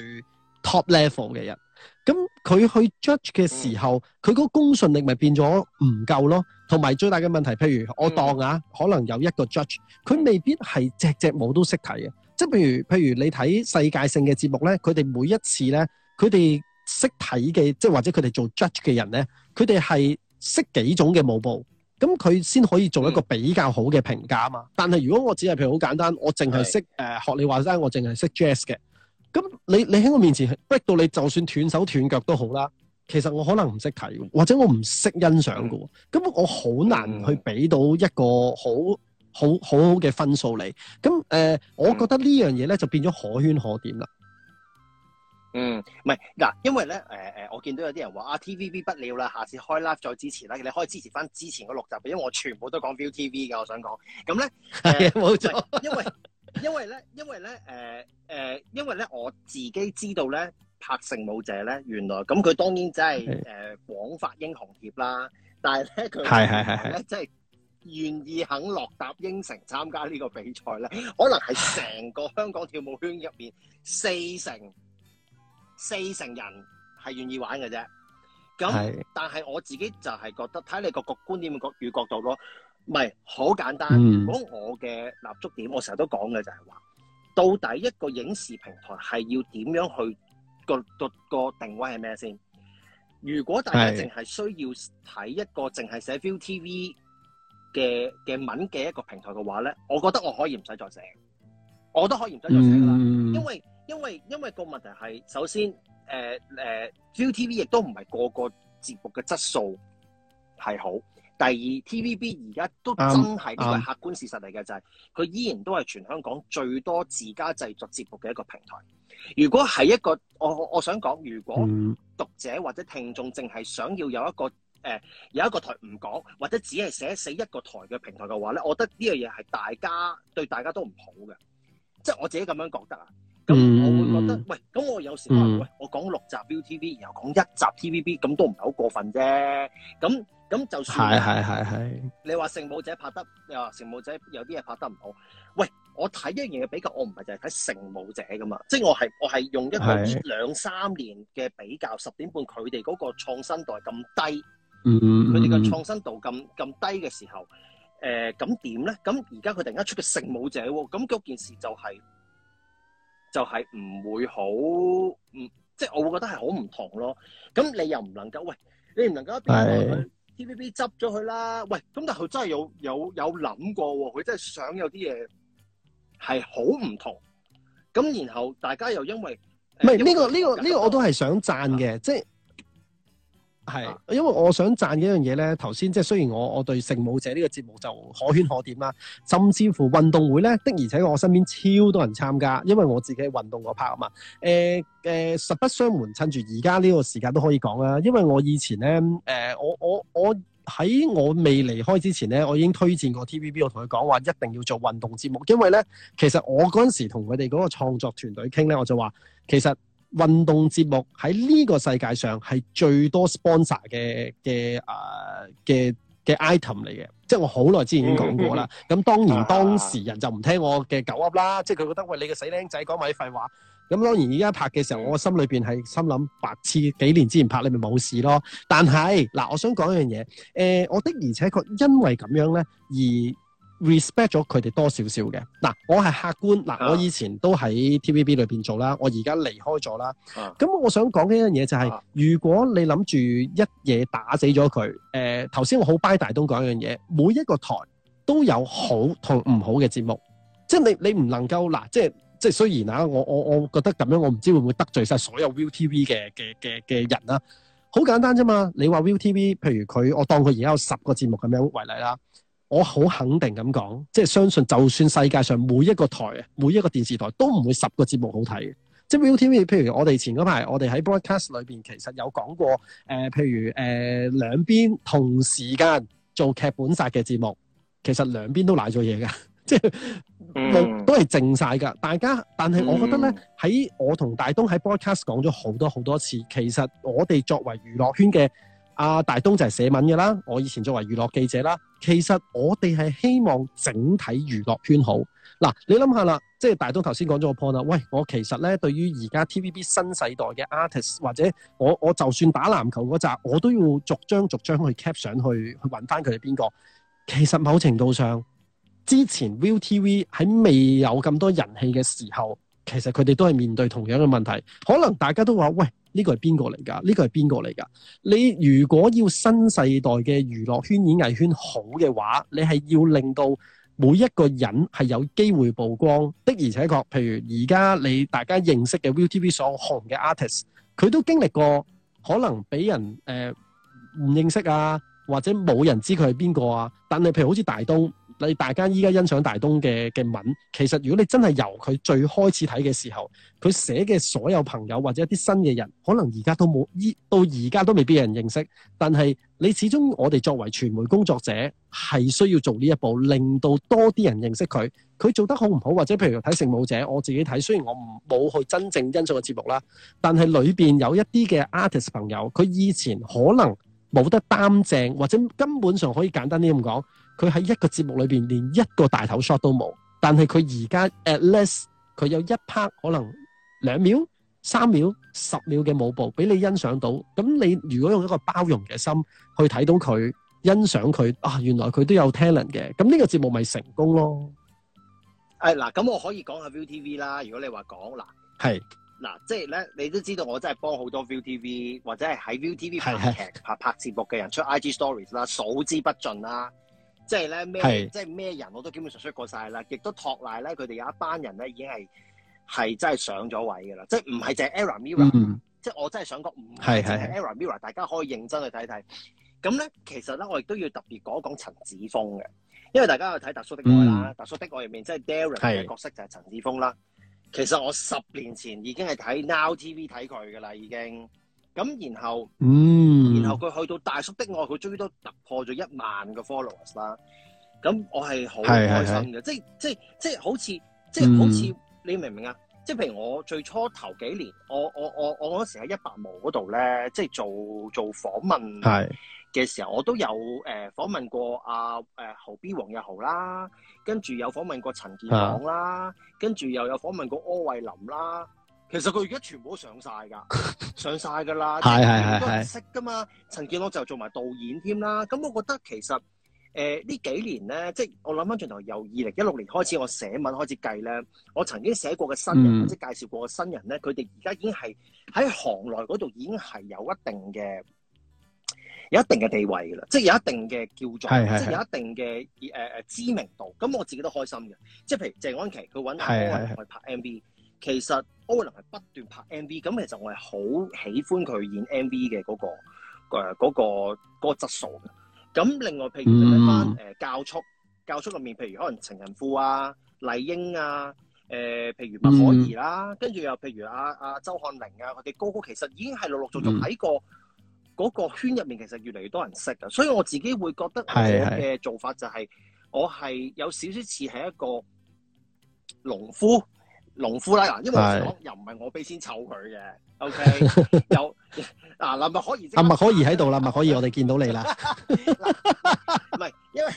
Speaker 1: top level 嘅人。咁佢去 judge 嘅時候，佢個、嗯、公信力咪變咗唔夠咯？同埋最大嘅問題，譬如我當啊，嗯、可能有一個 judge，佢未必係只隻舞都識睇嘅。即係譬如譬如你睇世界性嘅節目咧，佢哋每一次咧，佢哋識睇嘅，即係或者佢哋做 judge 嘅人咧，佢哋係識幾種嘅舞步，咁佢先可以做一個比較好嘅評價啊嘛。但係如果我只係譬如好簡單，我淨係識誒學你話齋，我淨係識 jazz 嘅。咁你你喺我面前逼到你就算斷手斷腳都好啦，其實我可能唔識睇，或者我唔識欣賞嘅，咁、嗯、我好難去俾到一個好好，好好好嘅分數你。咁誒，呃嗯、我覺得呢樣嘢咧就變咗可圈可點啦。嗯，唔係嗱，因為咧誒誒，我見到有啲人話啊，TVB 不了啦，下次開 live 再支持啦，你可以支持翻之前嘅六集，因為我全部都講 ViuTV 嘅，我想講咁咧，係冇、呃、錯因，因為。 因為咧，因為咧，誒、呃、誒、呃，因為咧，我自己知道咧，拍《盛．舞者》咧，原來咁佢當然即係誒廣發英雄帖啦，但係咧佢係係係咧，即係願意肯落搭應承參加呢個比賽咧，可能係成個香港跳舞圈入面四 成四成人係願意玩嘅啫。咁是但係我自己就係覺得睇你個個觀點角與角度咯。唔係好簡單，如果我嘅立足點、嗯、我成日都講嘅就係話到底一個影視平台係要點樣去個個個定位係咩先？如果大家淨係需要睇一個淨係寫 ViuTV 嘅嘅文嘅一個平台嘅話咧，我覺得我可以唔使再寫，我都可以唔使再寫啦、嗯。因為因為因為個問題係首先誒誒、呃呃、ViuTV 亦都唔係個個節目嘅質素係好。第二 T.V.B. 而家都真係呢個係客觀事實嚟嘅，um, um, 就係佢依然都係全香港最多自家製作節目嘅一個平台。如果係一個，我我想講，如果讀者或者聽眾淨係想要有一個誒、呃、有一個台唔講或者只係寫死一個台嘅平台嘅話咧，我覺得呢樣嘢係大家對大家都唔好嘅，即係我自己咁樣覺得啊。咁我會
Speaker 2: 覺得，um, 喂，
Speaker 1: 咁我有時話，um, 喂，我講六集 ViuTV 然後講一集 T.V.B.，咁都唔係好過分啫。咁咁就算係係係係，你話《盛．舞者》拍得， 你話《盛．舞者》有啲嘢拍得唔好。喂，我睇一樣嘢比較，我唔係就係睇《盛．舞者》噶嘛，即係我係我係用一個兩三年嘅比較，十 點半佢哋嗰個創新度咁低，嗯
Speaker 2: 嗯，佢哋嘅創新
Speaker 1: 度咁咁 低嘅時候，誒咁點咧？咁而家佢突然間出個《盛．舞者》喎，咁嗰件事就係、是、就係、是、唔會好，唔即係我會覺得係好唔同咯。咁你又唔能夠喂，你唔能夠一邊 T.V.B. 執咗佢啦，喂！咁但係佢真係有有有諗過，佢真係想有啲嘢係好唔同，咁然後大家又因為唔係呢個呢個呢個我都係想讚嘅，即係。係，因為我想讚嘅一樣嘢咧，頭先即係雖然我我對《盛．舞者》呢個節目就可圈可點啦，甚至乎運動會呢的而且確我身邊超多人參加，因為我自己運動個 part 啊嘛。誒、欸、誒，實、欸、不相瞞，趁住而家呢個時間都可以講啦。因為我以前呢誒、欸、我我我喺我未離開之前呢我已經推薦過 TVB，我同佢講話一定要做運動節目，因為呢其實我嗰陣時同佢哋嗰個創作團隊傾呢我就話其實。運動節目喺呢個世界上係最多 sponsor 嘅嘅誒嘅嘅 item 嚟嘅，即係我好耐之前已經講過啦。咁 當然當時人就唔聽我嘅狗噏啦， 即係佢覺得喂，你個死僆仔講埋啲廢話。咁當然而家拍嘅時候，我心裏邊係心諗白痴，幾年之前拍你咪冇事咯。但係嗱，我想講一樣嘢，誒、呃、我的而且確因為咁樣咧而。respect 咗佢哋多少少嘅，嗱、啊、我係客觀，嗱、啊、我以前都喺 TVB 裏邊做啦，我而家離開咗啦，咁、啊、我想講一樣嘢就係、是，如果你諗住一嘢打死咗佢，誒頭先我好 by 大東講一樣嘢，每一個台都有好同唔好嘅節目，嗯、即係你你唔能夠嗱、啊，即係即係雖然啊，我我我覺得咁樣我唔知會唔會得罪晒所有 ViuTV 嘅嘅嘅嘅人啦、啊，好簡單啫嘛，你話 ViuTV，譬如佢我當佢而家有十個節目咁樣為例啦。我好肯定咁講，即係相信，就算世界上每一個台，每一個電視台都唔會十個節目好睇。即係 ViuTV，譬如我哋前嗰排，我哋喺 broadcast 裏面其實有講過、呃，譬如誒、呃、兩邊同時間做劇本殺嘅節目，其實兩邊都賴咗嘢㗎，即係、嗯、 都係靜晒㗎。大家，但係我覺得呢，喺、嗯、我同大東喺 broadcast 講咗好多好多次，其實我哋作為娛樂圈嘅。阿、啊、大東就係寫文嘅啦，我以前作為娛樂記者啦，其實我哋係希望整體娛樂圈好。嗱、啊，你諗下啦，即係大東頭先講咗個 point 啦，喂，我其實咧對於而家 TVB 新世代嘅 artist 或者我我就算打籃球嗰集，我都要逐張逐張去 cap 上去去揾翻佢哋邊個。其實某程度上，之前 ViuTV 喺未有咁多人氣嘅時候，其實佢哋都係面對同樣嘅問題，可能大家都話喂。呢個係邊個嚟㗎？呢個係邊個嚟㗎？你如果要新世代嘅娛樂圈、演藝圈好嘅話，你係要令到每一個人係有機會曝光的而且確。譬如而家你大家認識嘅 ViuTV 所紅嘅 artist，佢都經歷過可能俾人誒唔、呃、認識啊，或者冇人知佢係邊個啊。但係譬如好似大東。你大家依家欣賞大東嘅嘅文，其實如果你真係由佢最開始睇嘅時候，佢寫嘅所有朋友或者一啲新嘅人，可能而家都冇依到而家都未必有人認識。但係你始終我哋作為傳媒工作者係需要做呢一步，令到多啲人認識佢。佢做得好唔好？或者譬如睇《盛．舞者》，我自己睇雖然我唔冇去真正欣賞個節目啦，但係裏面有一啲嘅 artist 朋友，佢以前可能冇得擔正，或者根本上可以簡單啲咁講。佢喺一個節目裏邊連一個大頭 shot 都冇，但係佢而家 at least 佢有一 part 可能兩秒、三秒、十秒嘅舞步俾你欣賞到。咁你如果用一個包容嘅心去睇到佢，欣賞佢啊，原來佢都有 talent 嘅。咁呢個節目咪成功咯？誒嗱，咁我可以講下 ViuTV 啦。如果你話講嗱，係嗱，即係咧，你都知道我真係幫好多 ViuTV 或者係喺 ViuTV 拍劇、拍拍節目嘅人出 IG stories 啦，數之不盡啦。即係咧咩，是即係咩人我都基本上出過晒啦，亦都托賴咧佢哋有一班人咧已經係係真係上咗位嘅啦，即係唔係淨係 Era Mirror 即係我真係想講唔係淨係 Era Mirror 大家可以認真去睇睇。咁咧其實咧我亦都要特別講一講陳子峰嘅，因為大家去睇《大叔的愛》啦，嗯《大叔的愛裡》入面即係 Darren 嘅角色就係陳子峰啦。是其實我十年前已經係睇 Now TV 睇佢嘅啦，已經。咁然後，嗯，然後佢去到大叔的愛，佢終於都突破咗一萬個 followers 啦。咁我係好開心嘅，是是是即係即係即係好似，即係好似你明唔明啊？即係譬如我最初頭幾年，我我我我嗰時喺一百毛嗰度咧，即係做做訪問嘅時候，是我都有誒、呃、訪問過阿誒豪 B 黃日豪啦，跟住有訪問過陳健朗啦，啊、跟住又有訪問過柯慧林啦。其實佢而家全部都上晒㗎，上晒㗎啦， 都唔識㗎嘛。 陳建龍就做埋導演添啦。咁我覺得其實誒呢、呃、幾年咧，即係我諗翻轉頭由二零一六年開始，我寫文開始計咧，我曾經寫過嘅新人，即係、嗯、介紹過嘅新人咧，佢哋而家已經係喺行內嗰度已經係有一定嘅，有一定嘅地位㗎啦，即係有一定嘅叫做， 即係有一定嘅誒誒知名度。咁我自己都開心嘅，即係譬如謝安琪，佢揾阿哥去拍 MV。 其實歐文係不斷拍 MV，咁其實我係好喜歡佢演 MV 嘅嗰、那個誒嗰、那個那個那個質素嘅。咁另外譬如睇翻誒教速，教速入面譬如可能情人婦啊、麗英啊、誒、呃、譬如麥可兒啦、啊，跟住、嗯、又譬如阿阿周漢寧啊，佢哋嘅歌曲其實已經係陸陸續續喺個嗰、嗯、圈入面，其實越嚟越多人識嘅。所以我自己會覺得我嘅做法就係我係有少少似係一個農夫。農夫啦嗱，因為是又唔係我俾先湊佢嘅，OK？有嗱，阿、 啊、麥可怡阿、啊、麥可怡喺度啦，麥可怡，我哋見到你啦，唔係、 啊、因為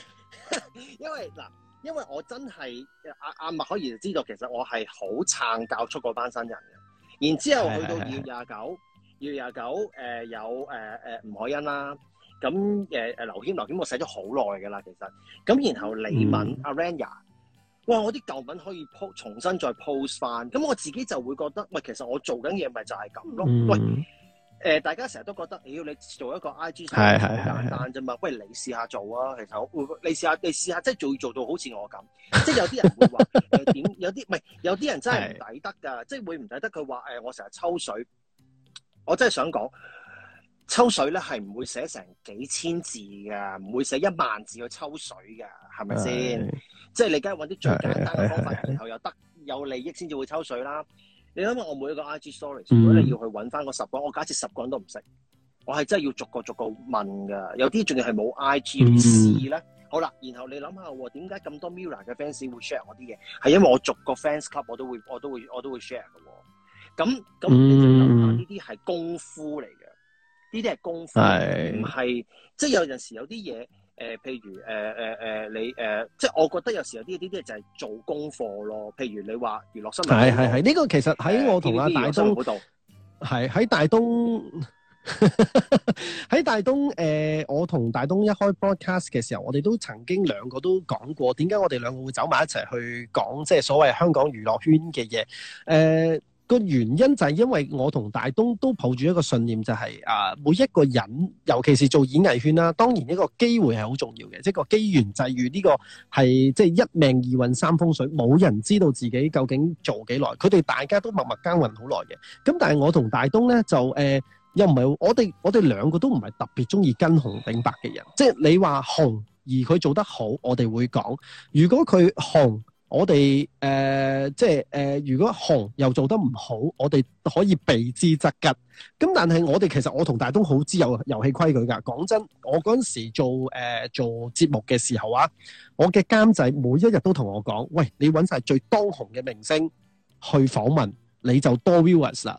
Speaker 1: 因為嗱、啊，因為我真係阿阿麥可怡就知道其實我係好撐教出嗰班新人嘅。然之後去到二月廿九的，二月廿九誒有誒誒、呃、吳可欣啦，咁誒誒劉謙，劉謙我寫咗好耐嘅啦，其實咁然後李敏阿 Ranya。嗯哇！我啲舊文可以鋪重新再 post 翻，咁我自己就會覺得，喂，其實我在做緊嘢咪就係咁咯。嗯、喂，誒、呃，大家成日都覺得，你、哎、要你做一個 I G 係簡單啫嘛？不如你試下做啊！其實我會，你試下，你試下，即係做做到好似我咁，即係有啲人會話誒點？有啲唔係，有啲人真係唔抵得噶，對 即係會唔抵得佢話誒，我成日抽水。我真係想講，抽水咧係唔會寫成幾千字噶，唔會寫一萬字去抽水噶，係咪先？即係你梗係揾啲最簡單嘅方法， 然後有得有利益先至會抽水啦。你諗下，我每一個 IG story，如果你要去揾翻嗰十個，嗯、我假設十個人都唔識，我係真係要逐個逐個問㗎。有啲仲要係冇 IG 試咧。嗯、好啦，然後你諗下，點解咁多 MIRROR 嘅 fans 會 share 我啲嘢？係因為我逐個 fans club 我都會、我都會、我都會 share 㗎喎。咁咁，你諗下呢啲係功夫嚟嘅，呢啲係功夫，唔係即係有陣時有啲嘢。誒、呃，譬如誒誒誒，你誒、呃，即係我覺得有時有啲啲啲嘢就係做功課咯。譬如你話娛樂新聞，係係係呢個其實喺我同阿大東嗰度，係喺 大東，喺 大東誒、呃，我同大東一開 broadcast 嘅時候，我哋都曾經兩個都講過點解我哋兩個會走埋一齊去講即係所謂香港娛樂圈嘅嘢誒。呃個原因就係因為我同大東都抱住一個信念，就是，就係啊每一個人，尤其是做演藝圈啦、啊，當然一個機會係好重要嘅，即個機緣際遇呢個係即、就是、一命二運三風水，冇人知道自己究竟做幾耐，佢哋大家都默默耕耘好耐嘅。咁但係我同大東呢，就誒、呃，又唔係我哋，我哋兩個都唔係特別中意跟紅頂白嘅人，即你話紅而佢做得好，我哋會講；如果佢紅。我哋誒、呃、即係誒、呃，如果紅又做得唔好，我哋可以避之則吉。咁但係我哋其實我同大東好知有遊戲規矩㗎。講真，我嗰陣時做誒、呃、做節目嘅時候啊，我嘅監製每一日都同我講：喂，你搵晒最當紅嘅明星去訪問，你就多 viewers 啦。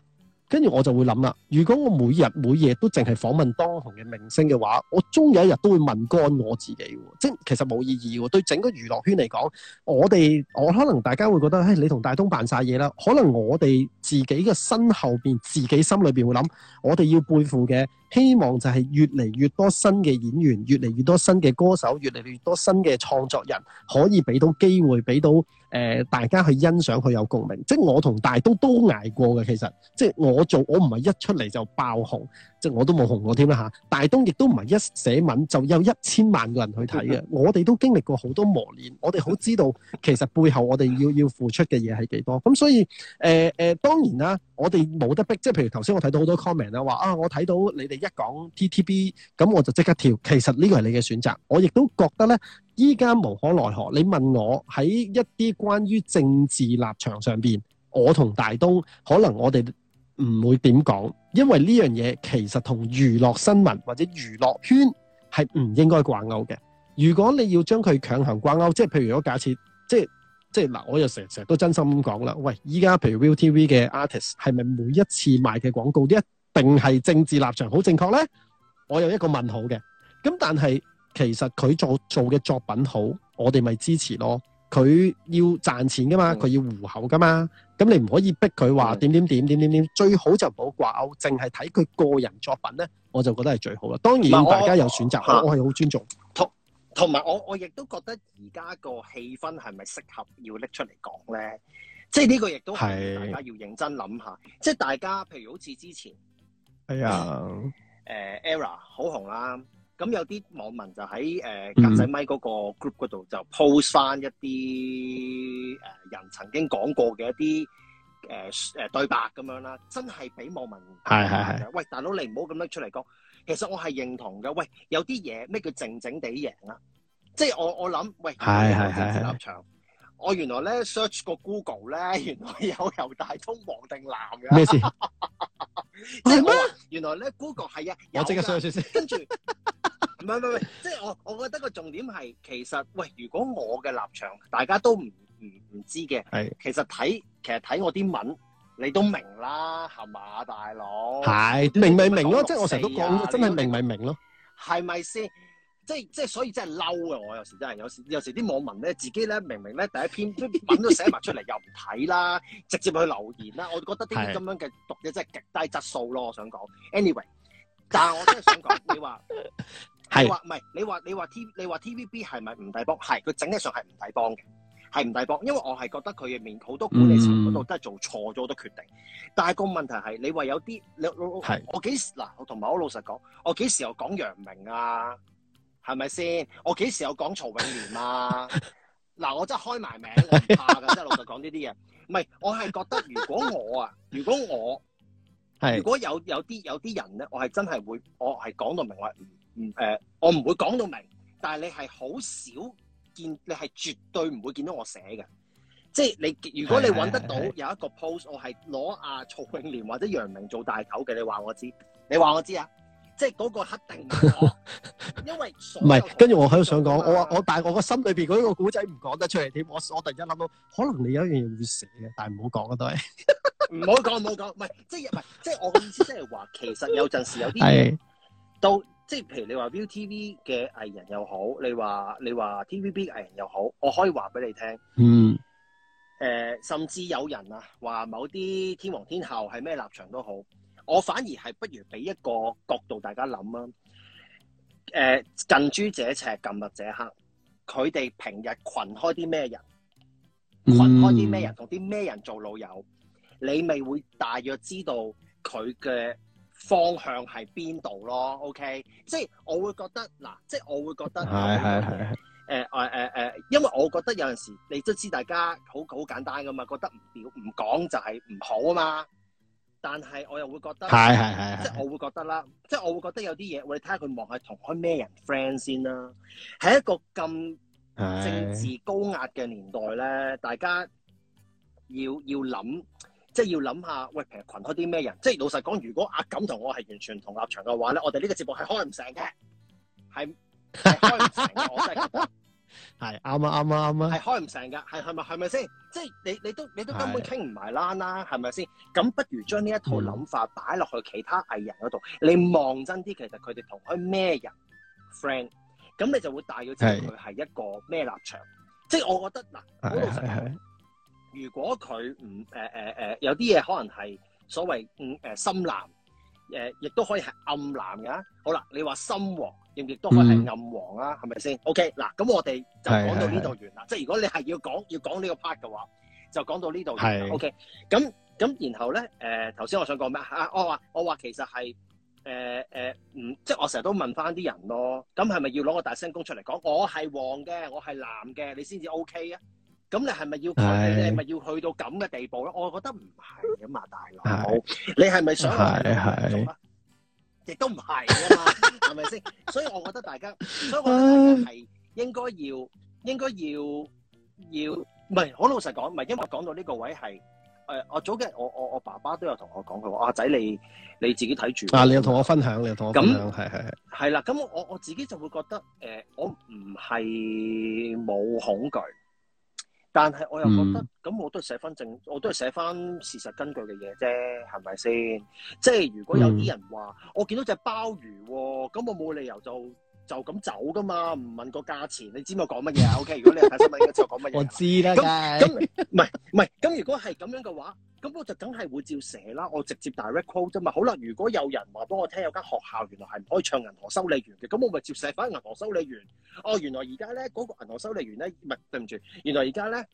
Speaker 1: 跟住我就會諗啦，如果我每日每夜都淨係訪問當紅嘅明星嘅話，我終有一日都會問乾我自己喎，即其實冇意義喎。對整個娛樂圈嚟講，我哋我可能大家會覺得，嘿、哎，你同大東扮晒嘢啦。可能我哋自己嘅身後面、自己心裏面會諗，我哋要背負嘅希望就係越嚟越多新嘅演員，越嚟越多新嘅歌手，越嚟越多新嘅創作人，可以俾到機會，俾到。誒、呃，大家去欣賞佢有共鳴，即係我同大東都捱過嘅，其實即係我做，我唔係一出嚟就爆紅。即我都冇紅過添啦嚇，大東亦都唔係一寫文就有一千萬個人去睇嘅。嗯、哼我哋都經歷過好多磨練，我哋好知道其實背後我哋要要付出嘅嘢係幾多。咁所以誒、呃呃、當然啦，我哋冇得逼。即係譬如頭先我睇到好多 comment 啦，話啊，我睇到你哋一講 T T B，咁我就即刻跳。其實呢個係你嘅選擇。我亦都覺得呢，依家無可奈何。你問我喺一啲關於政治立場上面，我同大東可能我哋。唔會點講，因為呢樣嘢其實同娛樂新聞或者娛樂圈係唔應該掛鈎嘅。如果你要將佢強行掛鈎，即係譬如如果假設，即即嗱，我又成日都真心咁講啦。喂，依家譬如 ViuTV 嘅 artist 係咪每一次賣嘅廣告都一定係政治立場好正確呢？我有一個問號嘅。咁但係其實佢做做嘅作品好，我哋咪支持咯。佢要賺錢㗎嘛，佢要糊口㗎嘛。咁你唔可以逼佢話點點點點點點，最好就唔好掛鈎，淨係睇佢個人作品咧，我就覺得係最好啦。當然大家有選擇，我係好、啊、尊重。同同埋我我亦都覺得而家個氣氛係咪適合要拎出嚟講咧？即係呢個亦都係大家要認真諗下。即係的大家譬如好似之前，
Speaker 2: 係啊、哎
Speaker 1: 呀，誒、 呃、，Era 好紅啦。咁有啲網民就喺誒格仔咪嗰個 group 嗰度就 post 翻一啲誒人曾經講過嘅一啲誒誒對白咁樣啦。真係俾網民係係係，喂大佬你唔好咁樣出嚟講。其實我係認同嘅，喂有啲嘢咩叫靜靜地贏呀？即係我我諗，喂係係係。我原來咧 search 個 Google 咧，原來有由大東黃定藍嘅咩事？係咩？ 嗎原來咧 Google 係啊，我即刻 search 先，跟住唔係唔係，即係、就是、我我覺得個重點係其實喂，如果我嘅立場大家都唔唔唔知嘅，係的其實睇其實睇我啲文你都明啦，係嘛，大佬係的明咪明咯，啊、即係我成日都講，你真係明咪明咯，係咪先？是即係即係，所以真係嬲嘅。我有時真係有時有時啲網民咧，自己咧明明咧第一篇篇文 都寫埋出嚟，又唔睇啦，直接去留言啦。我覺得啲咁樣嘅讀者真係極低質素咯。我想講，Anyway，但係我真係想講，你話你話唔係你話你話 T 你話 TVB 係咪唔抵幫？係佢整體上係唔抵幫嘅，係唔抵幫。因為我係覺得佢嘅面好多管理層嗰度都係做錯咗好、嗯、多決定。但係個問題係你話有啲你我， 我幾時嗱、啊？我同埋我老實講，我幾時又講楊明啊？係咪先？我幾時有講曹永廉啊？嗱， 我真係開埋名字，我唔怕噶。真係 老實講呢啲嘢，唔係我係覺得如果我，如果我啊，如果我係，如果有有啲有啲人咧，我係真係會，我係講到明，我唔誒、呃，我唔會講到明。但係你係好少見，你係絕對唔會見到我寫嘅。即係你，如果你搵得到有一個 post， 我係攞阿曹永廉或者楊明做大頭嘅，你話我知，你話我知啊？即係嗰個黑定的， 因為唔係。跟住我喺度想講，我話我，我，但係我個心裏邊嗰個古仔唔講得出嚟。點？我我突然間諗到，可能你有一樣嘢會寫嘅，但係唔好講啊，都係唔好講，唔好講。唔係，即係唔係，即係我嘅意思，即係話，其實有陣時有啲是到，即係譬如你話 Viu TV 嘅藝人又好，你話你話 TVB 嘅藝人又好，我可以話俾你聽。嗯。誒、呃，甚至有人啊，話某啲天王天后係咩立場都好。我反而係不如俾一個角度大家諗啦。誒，近朱者赤，近墨者黑。佢哋平日群開啲咩人，
Speaker 2: 群開啲咩人，同
Speaker 1: 啲咩人做老友，你咪會大約知道佢嘅方向係邊度咯。OK，即係我會覺得嗱，即係我會覺得係係係誒誒誒，因為我覺得有陣時你都知大家好好簡單㗎嘛，覺得唔表唔講就係唔好啊嘛。但係我又會覺得，即係 我會覺得啦，即係 我會覺得有啲嘢，我哋睇下佢望係同開咩人 friend 先啦。喺一個咁政治高壓嘅年代咧， 大家要要諗，即係要諗下，喂，平日群開啲咩人？即係老實講，如果阿錦同我係完全同立場嘅話咧，我哋呢個節目係開唔成嘅，係開唔成嘅。 係啱啊啱啊啱啊。係開唔成噶。係係咪係咪先？即係你你都你都根本傾唔埋欄啦，係咪先？咁不如將呢一套諗法擺落去其他藝人嗰度，嗯、你望真啲，其實佢哋同開咩人 friend，咁你就會大約知佢係一個咩立場。的即係我覺得嗱，好、呃、老實的如果佢唔誒誒誒，有啲嘢可能係所謂唔誒深藍，誒、呃、亦都可以係暗藍噶。好啦，你話心黃。亦都可以係暗黃啊，係咪先？OK，嗱，咁我哋就講到呢度完啦。即係如果你係要講，要講呢個 part 嘅話，就講到呢度。係 OK，咁咁然後咧，誒，頭先我想講咩啊？我話我話其實係，誒誒，嗯，即係我成日都問翻啲人咯。咁係咪要攞個大聲公出嚟講？我係黃嘅，我係藍嘅，你先至 OK 啊？咁你係咪要？係。你係咪要去到咁嘅地步咯？我覺得唔係啊嘛，大佬，你係咪想？係係。亦都唔係啊嘛，係咪先？所以我覺得大家，所以我覺得係應該要，應該要，要唔係？好老實講，唔係因為講到呢個位係誒，我早幾日我我我爸爸都有同我講，佢話阿仔你你自己睇住啊，你有同我分享，你有同我分享，係係係，係啦，咁我我自己就會覺得誒，我唔係冇恐懼。但係我又覺得，咁、嗯、我都係寫翻正，我都係寫翻事實根據嘅嘢啫，係咪先？即係如果有啲人話、嗯、我見到隻鮑魚喎，咁我冇理由就就咁走噶嘛？唔問個價錢，你知我講乜嘢啊？O K，如果你睇新聞嘅 就
Speaker 2: 講乜嘢？我知啦，梗
Speaker 1: 唔係唔係？咁 如果係咁樣嘅話。咁我就梗係會照寫啦，我直接 direct quote 啫嘛。好啦，如果有人話俾我聽有間學校原來係唔可以唱銀行修理員嘅，咁我咪照寫返銀行修理員，哦，原來而家咧嗰個銀行修理員咧，唔係對唔住，原來而家咧，誒、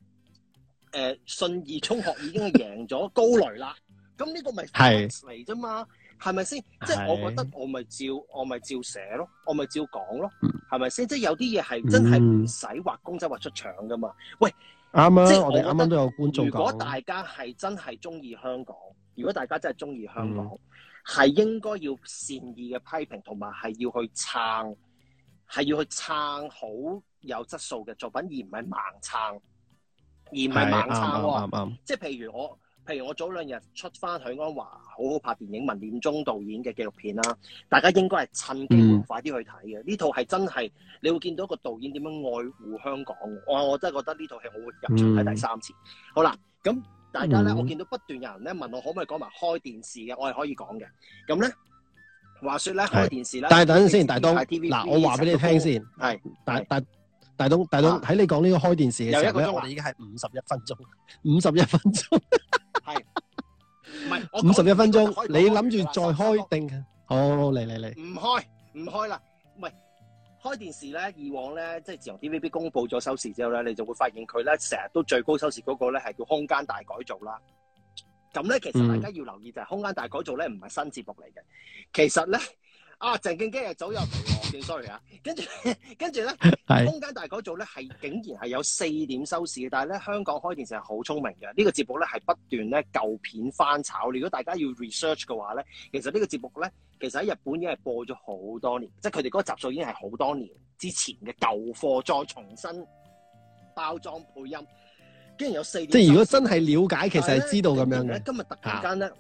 Speaker 1: 呃、信義中學已經係贏咗高雷啦。咁呢 個咪 facts 嚟啫嘛，係咪先？即係嗎是我覺得我咪照我咪照寫咯，我咪照講咯，係咪先？Mm. 即係有啲嘢係真係唔使畫公仔畫出場噶嘛。喂！啱啱即係我覺得，如果大家係真係中意香港，如果大家真係中意香港，係、嗯、應該要善意嘅批評，同埋係要去撐，係要去撐好有質素嘅作品，而唔係盲撐，而唔係盲撐囉。啱啱啱即係譬如我。譬如我早兩日出翻許鞍華好好拍電影文念中導演嘅紀錄片啦，大家應該係趁機快啲去睇嘅。呢套係真係你會見到個導演點樣愛護香港，我我真係覺得呢套戲我會入場睇第三次。好啦，咁大家咧，我見到不斷有人咧問我可唔可以講埋開電視嘅，我係可以講嘅。咁咧，話說咧，開電視咧，但係等陣先，大東嗱，我話俾你聽先，係大大大東大東，喺你講呢個開電視嘅時候，我哋已經係五十一分鐘，五十一分鐘。唔係五十一分鐘，你諗住再開定？好好好，嚟嚟嚟，唔開唔開啦！唔係開電視咧，以往咧即係自從 TVB 公布咗收視之後咧，你就會發現佢咧成日都最高收視嗰個咧係叫空間大改造啦。咁咧其實大家要留意就係空間大改造咧唔係新節目嚟嘅，其實咧。啊！鄭敬基又走入嚟 sorry 啊。跟住跟住咧， 是空間大改造咧，係竟然係有四點收視嘅。但係咧，香港開電視係好聰明嘅。呢、這個節目咧係不斷咧舊片翻炒。如果大家要 research 嘅話咧，其實呢個節目咧，其實喺日本已經係播咗好多年，即係佢哋個集數已經係好多年之前嘅舊貨再重新包裝配音，竟然有四點。即係如果真係了解，是其實係知道咁樣嘅。今日突然間咧，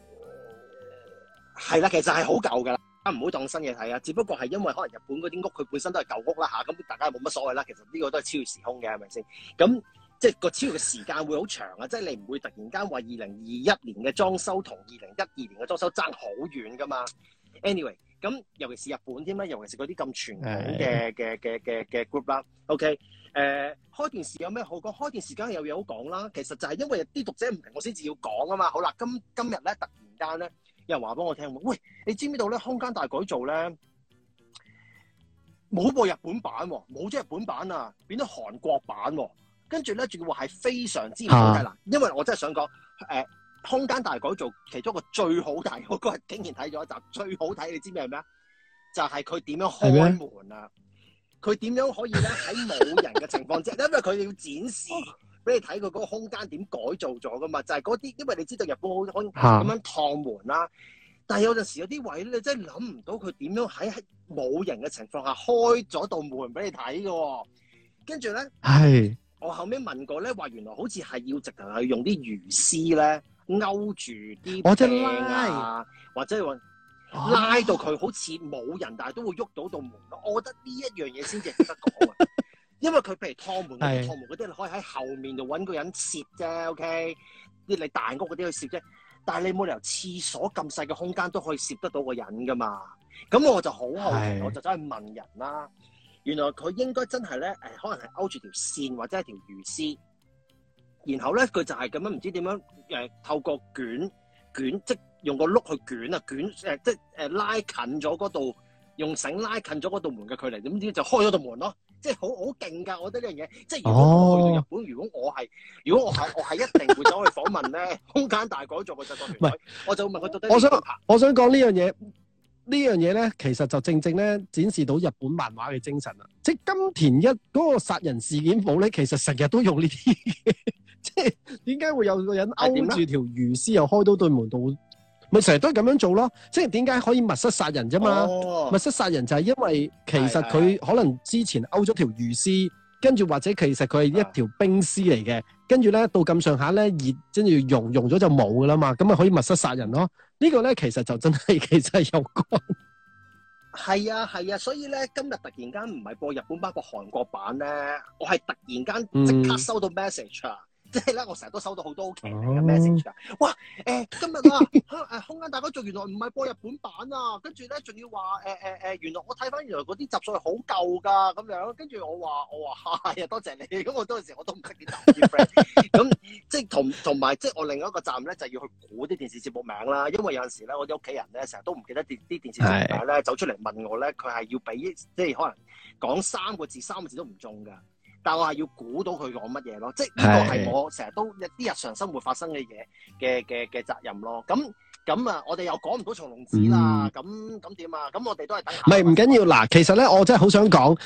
Speaker 1: 係啦、啊，其實係好舊㗎唔好、啊、當新嘢睇啊！只不過係因為可能日本嗰啲屋佢本身都係舊屋啦吓，咁、啊、大家冇乜所謂啦。其實呢個都係超越時空嘅，係咪先？咁即係個超越嘅時間會好長啊！即、就、係、是、你唔會突然間話二零二一年嘅裝修同二零一二年嘅裝修爭好遠噶嘛？Anyway，咁尤其是日本添啦，尤其是嗰啲咁傳統嘅嘅嘅嘅嘅 group 啦。OK，誒、呃，開電視有咩好講？開電視間有嘢好講啦。其實就係因為啲讀者唔明，我先至要講啊嘛。好啦，今今日咧突然間咧。有人話俾我聽，喂，你知唔知道咧？空間大改造咧，冇部日本版，冇咗日本版啊，變咗韓國版。跟住咧，仲要話係非常之好睇嗱。啊、因為我真係想講，誒、呃，空間大改造其中一個最好睇嗰個，我竟然睇咗一集最好睇。你知唔知係咩啊？就係佢點樣開門啊？佢點嗎樣可以咧喺冇人嘅情況之下， 因為佢要展示。俾你睇佢嗰個空間點改造咗噶嘛？就係嗰啲，因為你知道日本好多咁樣趟門啦。啊、但係有陣時候有啲位咧，你真係諗唔到佢點樣喺冇人嘅情況下開咗道門俾你睇嘅。跟住咧，係是我後尾問過咧，話原來好似係要直頭係用啲魚絲咧勾住啲鏡啊，我拉或者話拉到佢好似冇人，啊、但係都會喐到道門。我覺得呢一樣嘢先正得講。 因為佢譬如趟門嗰啲趟門嗰啲，你可以喺後面度揾個人攝啫，OK？你嚟大屋嗰啲去攝啫。但係你冇理由廁所咁細嘅空間都可以攝得到個人㗎嘛？咁我就好好奇，是的 我就走去問人啦、啊。原來佢應該真係咧，誒，可能係勾住條線或者係條魚絲，然後咧佢就係咁樣唔知點樣誒、呃、透過捲，捲即用個碌去捲啊捲，誒、呃、即誒、呃、拉近咗嗰度用繩拉近咗嗰度門嘅距離，點知就開咗道門咯。即係好好勁㗎！我覺得呢樣嘢，即係如果去日本，哦、如果我係，如果我係，我係一定會走去訪問咧。 空間大改造嘅製作團隊，我就問佢，我想我想講呢樣嘢，呢樣嘢咧，其實就正正咧展示到日本漫畫嘅精神啦。即係金田一嗰個殺人事件簿咧，其實成日都用呢啲嘅。即係點解會有個人勾住條魚絲又開到對門度？佢成日都係咁樣做咯，即係點解可以密室殺人啫、啊、嘛？哦、密室殺人就係因為其實佢可能之前勾咗條魚絲，跟住的或者其實佢係一條冰絲嚟嘅，跟住咧到咁上下咧熱，跟住溶溶咗就冇噶啦嘛，咁咪可以密室殺人咯。這個、呢個咧其實就真係其實係有關是。係啊係啊，所以咧今日突然間唔係播日本版或韓國版咧，我係突然間即刻收到 message 啊！嗯即係咧， 我成日都收到好多奇怪嘅 message 啊！哇，誒今日啊，誒空間大改造原來唔係播日本版啊，跟住咧仲要話誒誒誒，原來我睇翻原來嗰啲集數係好舊噶咁樣，跟住我話我話嗨啊，多謝你！咁我嗰陣時我都唔得見到啲 friend，咁即係同同埋即係我另一個責任咧，就是、要去估啲電視節目名啦。因為有陣時咧，我啲屋企人咧成日都唔記得啲啲電視節目名咧，的走出嚟問我咧，佢係要俾即係可能講三個字，三個字都唔中噶。但我係要估到佢講乜嘢咯，即係呢個係我成日都一啲日常生活發生嘅嘢嘅嘅嘅責任咯。咁咁、嗯、啊，咁我哋又講唔到長隆寺啦，咁咁點啊？咁我哋都係等唔係唔緊要嗱。其實咧，我真係好想講。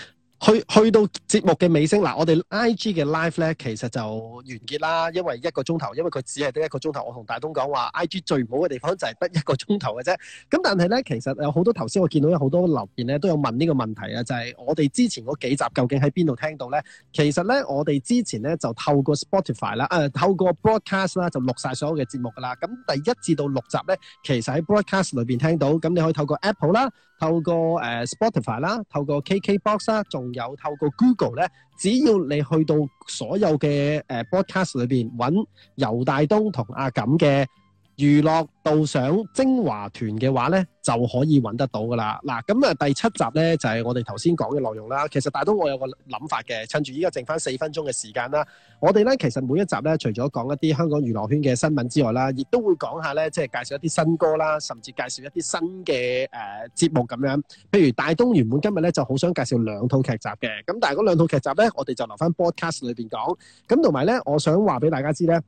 Speaker 1: 去去到節目嘅尾聲，嗱，我哋 IG 嘅 live 咧，其實就完結啦，因為一個鐘頭，因為佢只係得一個鐘頭。我同大東講話，IG 最唔好嘅地方就係得一個鐘頭嘅啫。咁但係咧，其實有好多頭先我見到有好多留言咧，都有問呢個問題啊，就係我哋之前嗰幾集究竟喺邊度聽到咧？其實咧，我哋之前咧就透過 Spotify 啦，誒，透過 Broadcast 啦，就錄曬所有嘅節目噶啦。咁第一至到六集咧，其實喺 Broadcast 裏邊聽到，咁你可以透過 Apple 啦。透過誒 Spotify 啦，透過 KK Box 啦，仲有透過 Google 咧，只要你去到所有嘅誒 Podcast 裏邊揾尤大東同阿錦嘅，娛樂導賞精華團嘅話呢，就可以揾得到噶啦。嗱，咁啊第七集呢，就係、是、我哋頭先講嘅內容啦。其實大東我有個諗法嘅，趁住依家剩翻四分鐘嘅時間啦，我哋呢，其實每一集呢，除咗講一啲香港娛樂圈嘅新聞之外啦，亦都會講一下呢，即係介紹一啲新歌啦，甚至介紹一啲新嘅誒、呃、節目咁樣。譬如大東原本今日呢，就好想介紹兩套劇集嘅，咁但係嗰兩套劇集呢，我哋就留翻 broadcast 裏邊講。咁同埋呢，我想話俾大家知呢。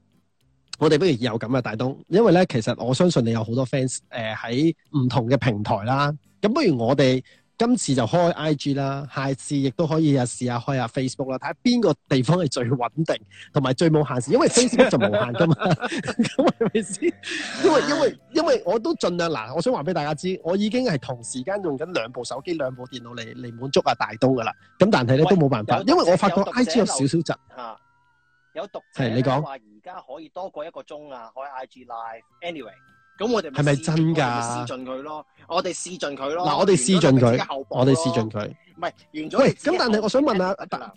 Speaker 1: 我哋不如有咁啊，大東，因為咧，其實我相信你有好多 fans，誒、呃、喺唔同嘅平台啦。咁不如我哋今次就開 IG 啦，下次亦都可以啊試下開下 Facebook 啦，睇下邊個地方係最穩定，同埋最冇限時，因為 Facebook 就冇限㗎嘛 咁係咪先？因。因為因為因為我都盡量嗱，我想話俾大家知，我已經係同時間用緊兩部手機、兩部電腦嚟嚟滿足啊大東㗎啦。咁但係咧喂都冇辦法，因為我發覺 IG 有少少窒。啊有毒，係你講話而家可以多過一個鐘啊！可以 IG live，anyway，咁我哋係咪真㗎？試盡佢咯，我哋試盡佢咯。嗱，我哋試盡佢，我哋試盡佢。唔係完咗。喂，咁但係我想問啊，阿特，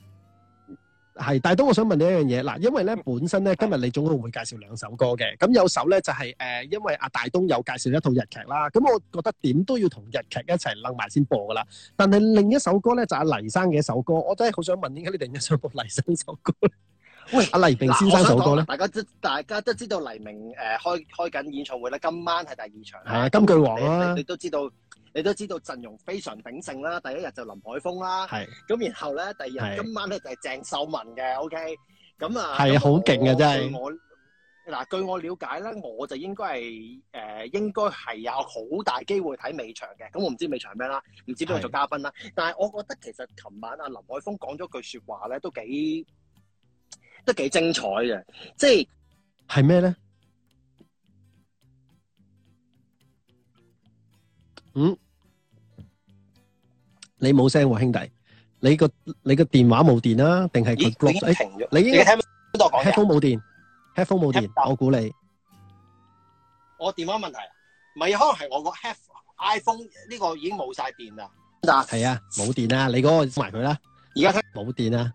Speaker 1: 係大東，我想問你一樣嘢嗱，因為咧本身咧今日你總共會介紹兩首歌嘅，咁有首咧就係誒，因為阿大東有介紹一套日劇啦，咁我覺得點都要同日劇一齊擸埋先播噶啦。但係另一首歌咧就阿黎生嘅一首歌，我真係好想問點解你突然間想播黎生首歌？喂，阿黎明先生首歌咧？大家都大家都知道黎明誒開開緊演唱會啦，今晚係第二場係啊金句王啦，你都知道你都知道陣容非常鼎盛啦，第一日就林海峰啦，係咁然後咧第二日今晚咧就係鄭秀文嘅，OK，咁啊係好勁嘅真係我嗱，據我了解咧，我就應該係誒應該係有好大機會睇尾場嘅，咁我唔知尾場咩啦，唔知邊個做嘉賓啦，但係我覺得其實琴晚阿林海峰講咗句說話咧，都幾。都幾精彩嘅，即係係咩咧？嗯，你冇聲喎，兄弟，你個你個電話冇電啦，定係佢？咦，已經停咗。你呢個聽？邊度講？Headphone 冇電，Headphone 冇電，我估你。我電話問題，唔係，可能係我個 Head iPhone 呢個已經冇晒電啦。真係？係啊，冇電啊！你嗰個收埋佢啦。而家聽冇電啊！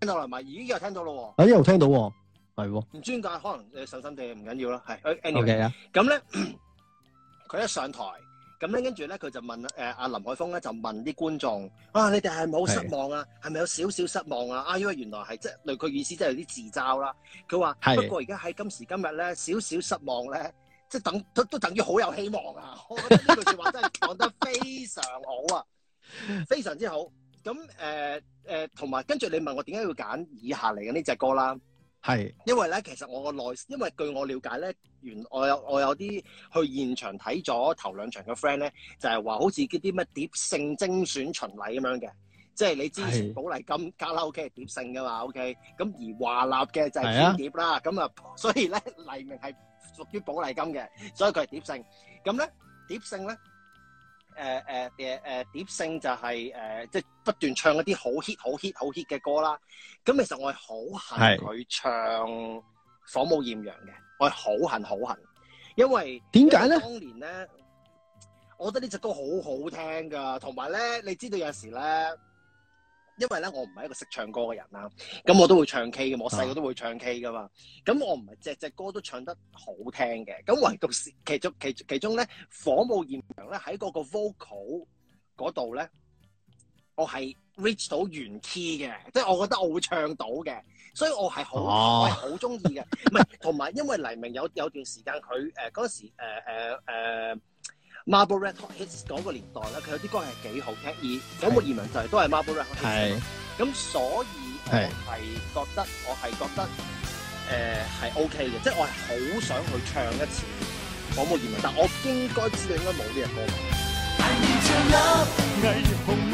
Speaker 1: 聽到啦，咪咦又聽到咯喎、啊，啊又聽到喎，係唔專業，可能你上神地，唔緊要啦，係。O K 啊，咁咧佢一上台，咁咧跟住咧佢就問誒阿、呃、林海峰咧就問啲觀眾啊，你哋係咪好失望啊，係咪的有少少失望啊？啊，因為原來係即係類佢意思，即係有啲自嘲啦。佢話係，的不過而家喺今時今日咧，少少失望咧，即係等都都等於好有希望啊！我覺得呢句說話真係講得非常好啊， 非常之好。咁誒誒，同埋跟住你問我點解要揀以下嚟嘅呢隻歌啦？係是因為咧，其實我個內，因為據我了解咧，原來我有我有啲去現場睇咗頭兩場嘅 friend 咧，就係、是、話好似啲咩碟性精選巡禮咁樣嘅，即係你之前寶麗金是卡拉 OK 係碟性嘅嘛？OK，咁而華納嘅就係偏碟啦，咁啊的，所以咧黎明係屬於寶麗金嘅，所以佢係碟性。咁咧碟性咧。誒誒誒誒碟性就係、是、誒，即、uh，係不斷唱一啲好 hit、好 hit、好 hit 嘅歌啦。咁其實我係好恨佢唱《火舞豔陽》嘅，我係好恨、好恨，因為點解咧？呢當年咧，我覺得呢隻歌好好聽㗎，同埋咧，你知道有時咧。因為咧，我唔係一個識唱歌嘅人啦，咁我都會唱 K 嘅，我細個都會唱 K 噶嘛。咁我唔係隻隻歌都唱得好聽嘅，咁我唯獨係其中其其中咧，火舞豔陽咧，喺嗰個 vocal 嗰度咧，我係 reach 到原 key 嘅，即係我覺得我會唱到嘅，所以我係好、啊、我好中意嘅。唔係，同埋因為黎明有有段時間佢誒嗰時誒誒誒。呃呃呃 Marble Red Hot Hits 嗰個年代咧，佢有啲歌係幾好聽，而《港務移民》就係都係 Marble Red Hot
Speaker 2: Hits
Speaker 1: 咁的所以我係覺得，我係覺得誒係、呃、OK 嘅，即、就、係、是、我係好想去唱一次《港務移民》，但係我應該知道應該冇呢隻歌。I need your love,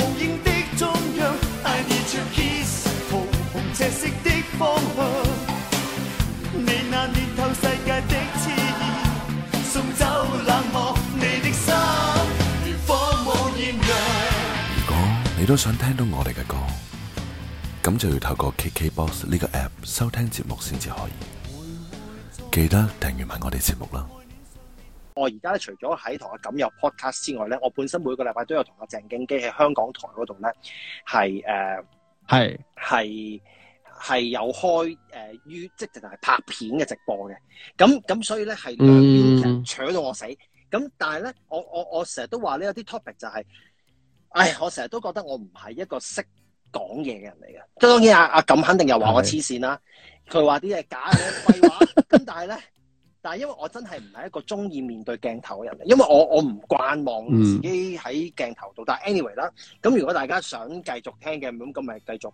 Speaker 2: 你都想聽到我哋嘅歌，咁就要透過 KKBox 呢個 App 收聽節目先至可以。記得訂閱埋我哋節目啦。
Speaker 1: 我而家咧，除咗喺同阿錦有 Podcast 之外咧，我本身每個禮拜都有同阿鄭敬基喺香港台嗰度咧，係誒係係係有開誒於、呃、即係就係拍片嘅直播嘅。咁咁所以咧係兩邊人搶到我死。咁、嗯、但係咧，我我我成日都話呢、就是，有啲 topic 就係。唉，我成日都覺得我唔係一個識講嘢嘅人嚟嘅，即當然啊，阿、啊、錦肯定又話我黐線啦，佢話啲嘢假嘅廢話，咁 但係咧，但係因為我真係唔係一個中意面對鏡頭嘅人嚟，因為我我唔慣望自己喺鏡頭度，但係 anyway 啦，咁如果大家想繼續聽嘅咁咁咪繼續。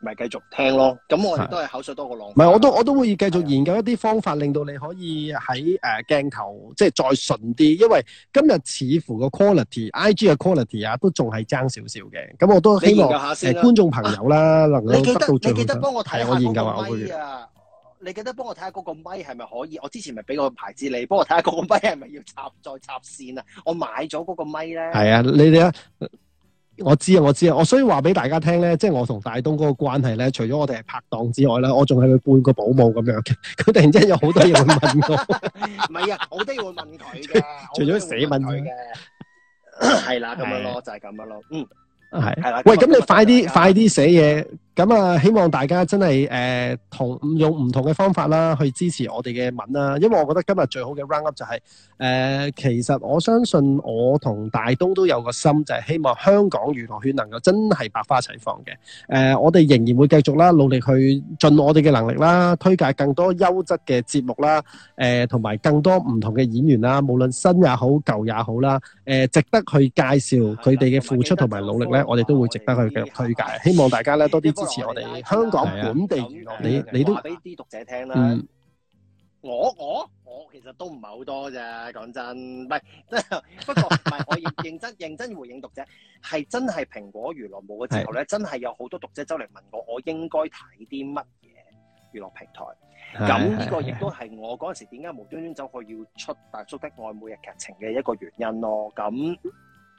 Speaker 1: 咪繼續聽咯，咁我哋都係口水多過浪、啊。唔係，我都我都會繼續研究一啲方法，令到你可以喺誒、呃、鏡頭即係再順啲。因為今日似乎個 quality、I G 嘅 quality 啊，都仲係爭少少嘅。咁我都希望誒、eh，觀眾朋友啦，啊、能你記得，你記得幫我睇下個咪啊！咪啊你記得幫我睇下嗰個咪係咪是不是可以？我之前咪俾個牌子你，幫我睇下嗰個咪係咪是不是要插再插線啊？我買咗嗰個咪咧。係啊，你哋啊～ 我知啊，我知啊，我所以話俾大家聽咧，即係我同大東嗰個關係咧，除咗我哋係拍檔之外呢，我仲係佢半個保姆咁樣嘅。佢突然之間有好多嘢會問我，唔係啊，好多嘢會問佢嘅，除咗寫問佢嘅，係啦，咁樣咯，就係咁樣咯，嗯，係係啦，喂，咁你快啲，快啲寫嘢。咁啊，希望大家真係誒同用唔同嘅方法啦，去支持我哋嘅文啦。因為我覺得今日最好嘅 round up 就係誒，其實我相信我同大東都有個心，就係希望香港娛樂圈能夠真係百花齊放嘅。誒，我哋仍然會繼續啦，努力去盡我哋嘅能力啦，推介更多優質嘅節目啦。誒，同埋更多唔同嘅演員啦，無論新也好舊也好啦。誒，值得去介紹佢哋嘅付出同埋努力咧，我哋都會值得去繼續推介。希望大家咧多啲。我哋香港本地娛樂，你你都話俾啲讀者聽啦，嗯，我我我其實都唔係好多啫，講真，唔係，不過唔係，我認認真認真回應讀者，係真係蘋果娛樂冇嘅時候咧，真係有好多讀者走嚟問我，我應該睇啲乜嘢娛樂平台？咁呢個亦都係我嗰陣時點解無端端走去要出大叔的愛每日劇情嘅一個原因咯。咁，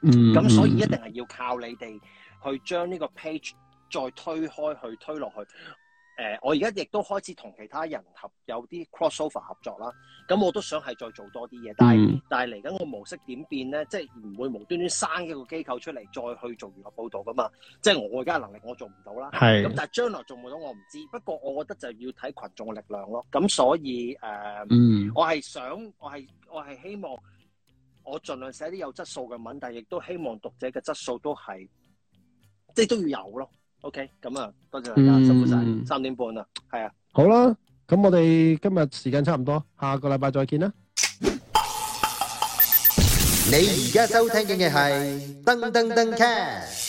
Speaker 1: 嗯，咁所以一定係要靠你哋去將呢個 page。再推開去推落去，誒、呃，我而家亦都開始同其他人合有啲 cross over 合作啦。咁我都想係再做多啲嘢，但係、嗯、但係嚟緊個模式點變咧？即係唔會無端端生一個機構出嚟再去做娛樂報道噶嘛？即係我而家能力我做唔到啦。係咁是，但係將來做唔到我唔知。不過我覺得就要睇群眾嘅力量咯。咁所以誒，呃嗯、我係想，我係我係希望我盡量寫啲有質素嘅文，但係亦都希望讀者嘅質素都係即係都要有咯。OK，咁啊，多謝大家辛苦晒，三點半啦，係啊，好啦，咁我哋今日時間差唔多，下個禮拜再見啦。你而家收聽嘅係噔噔噔 cast。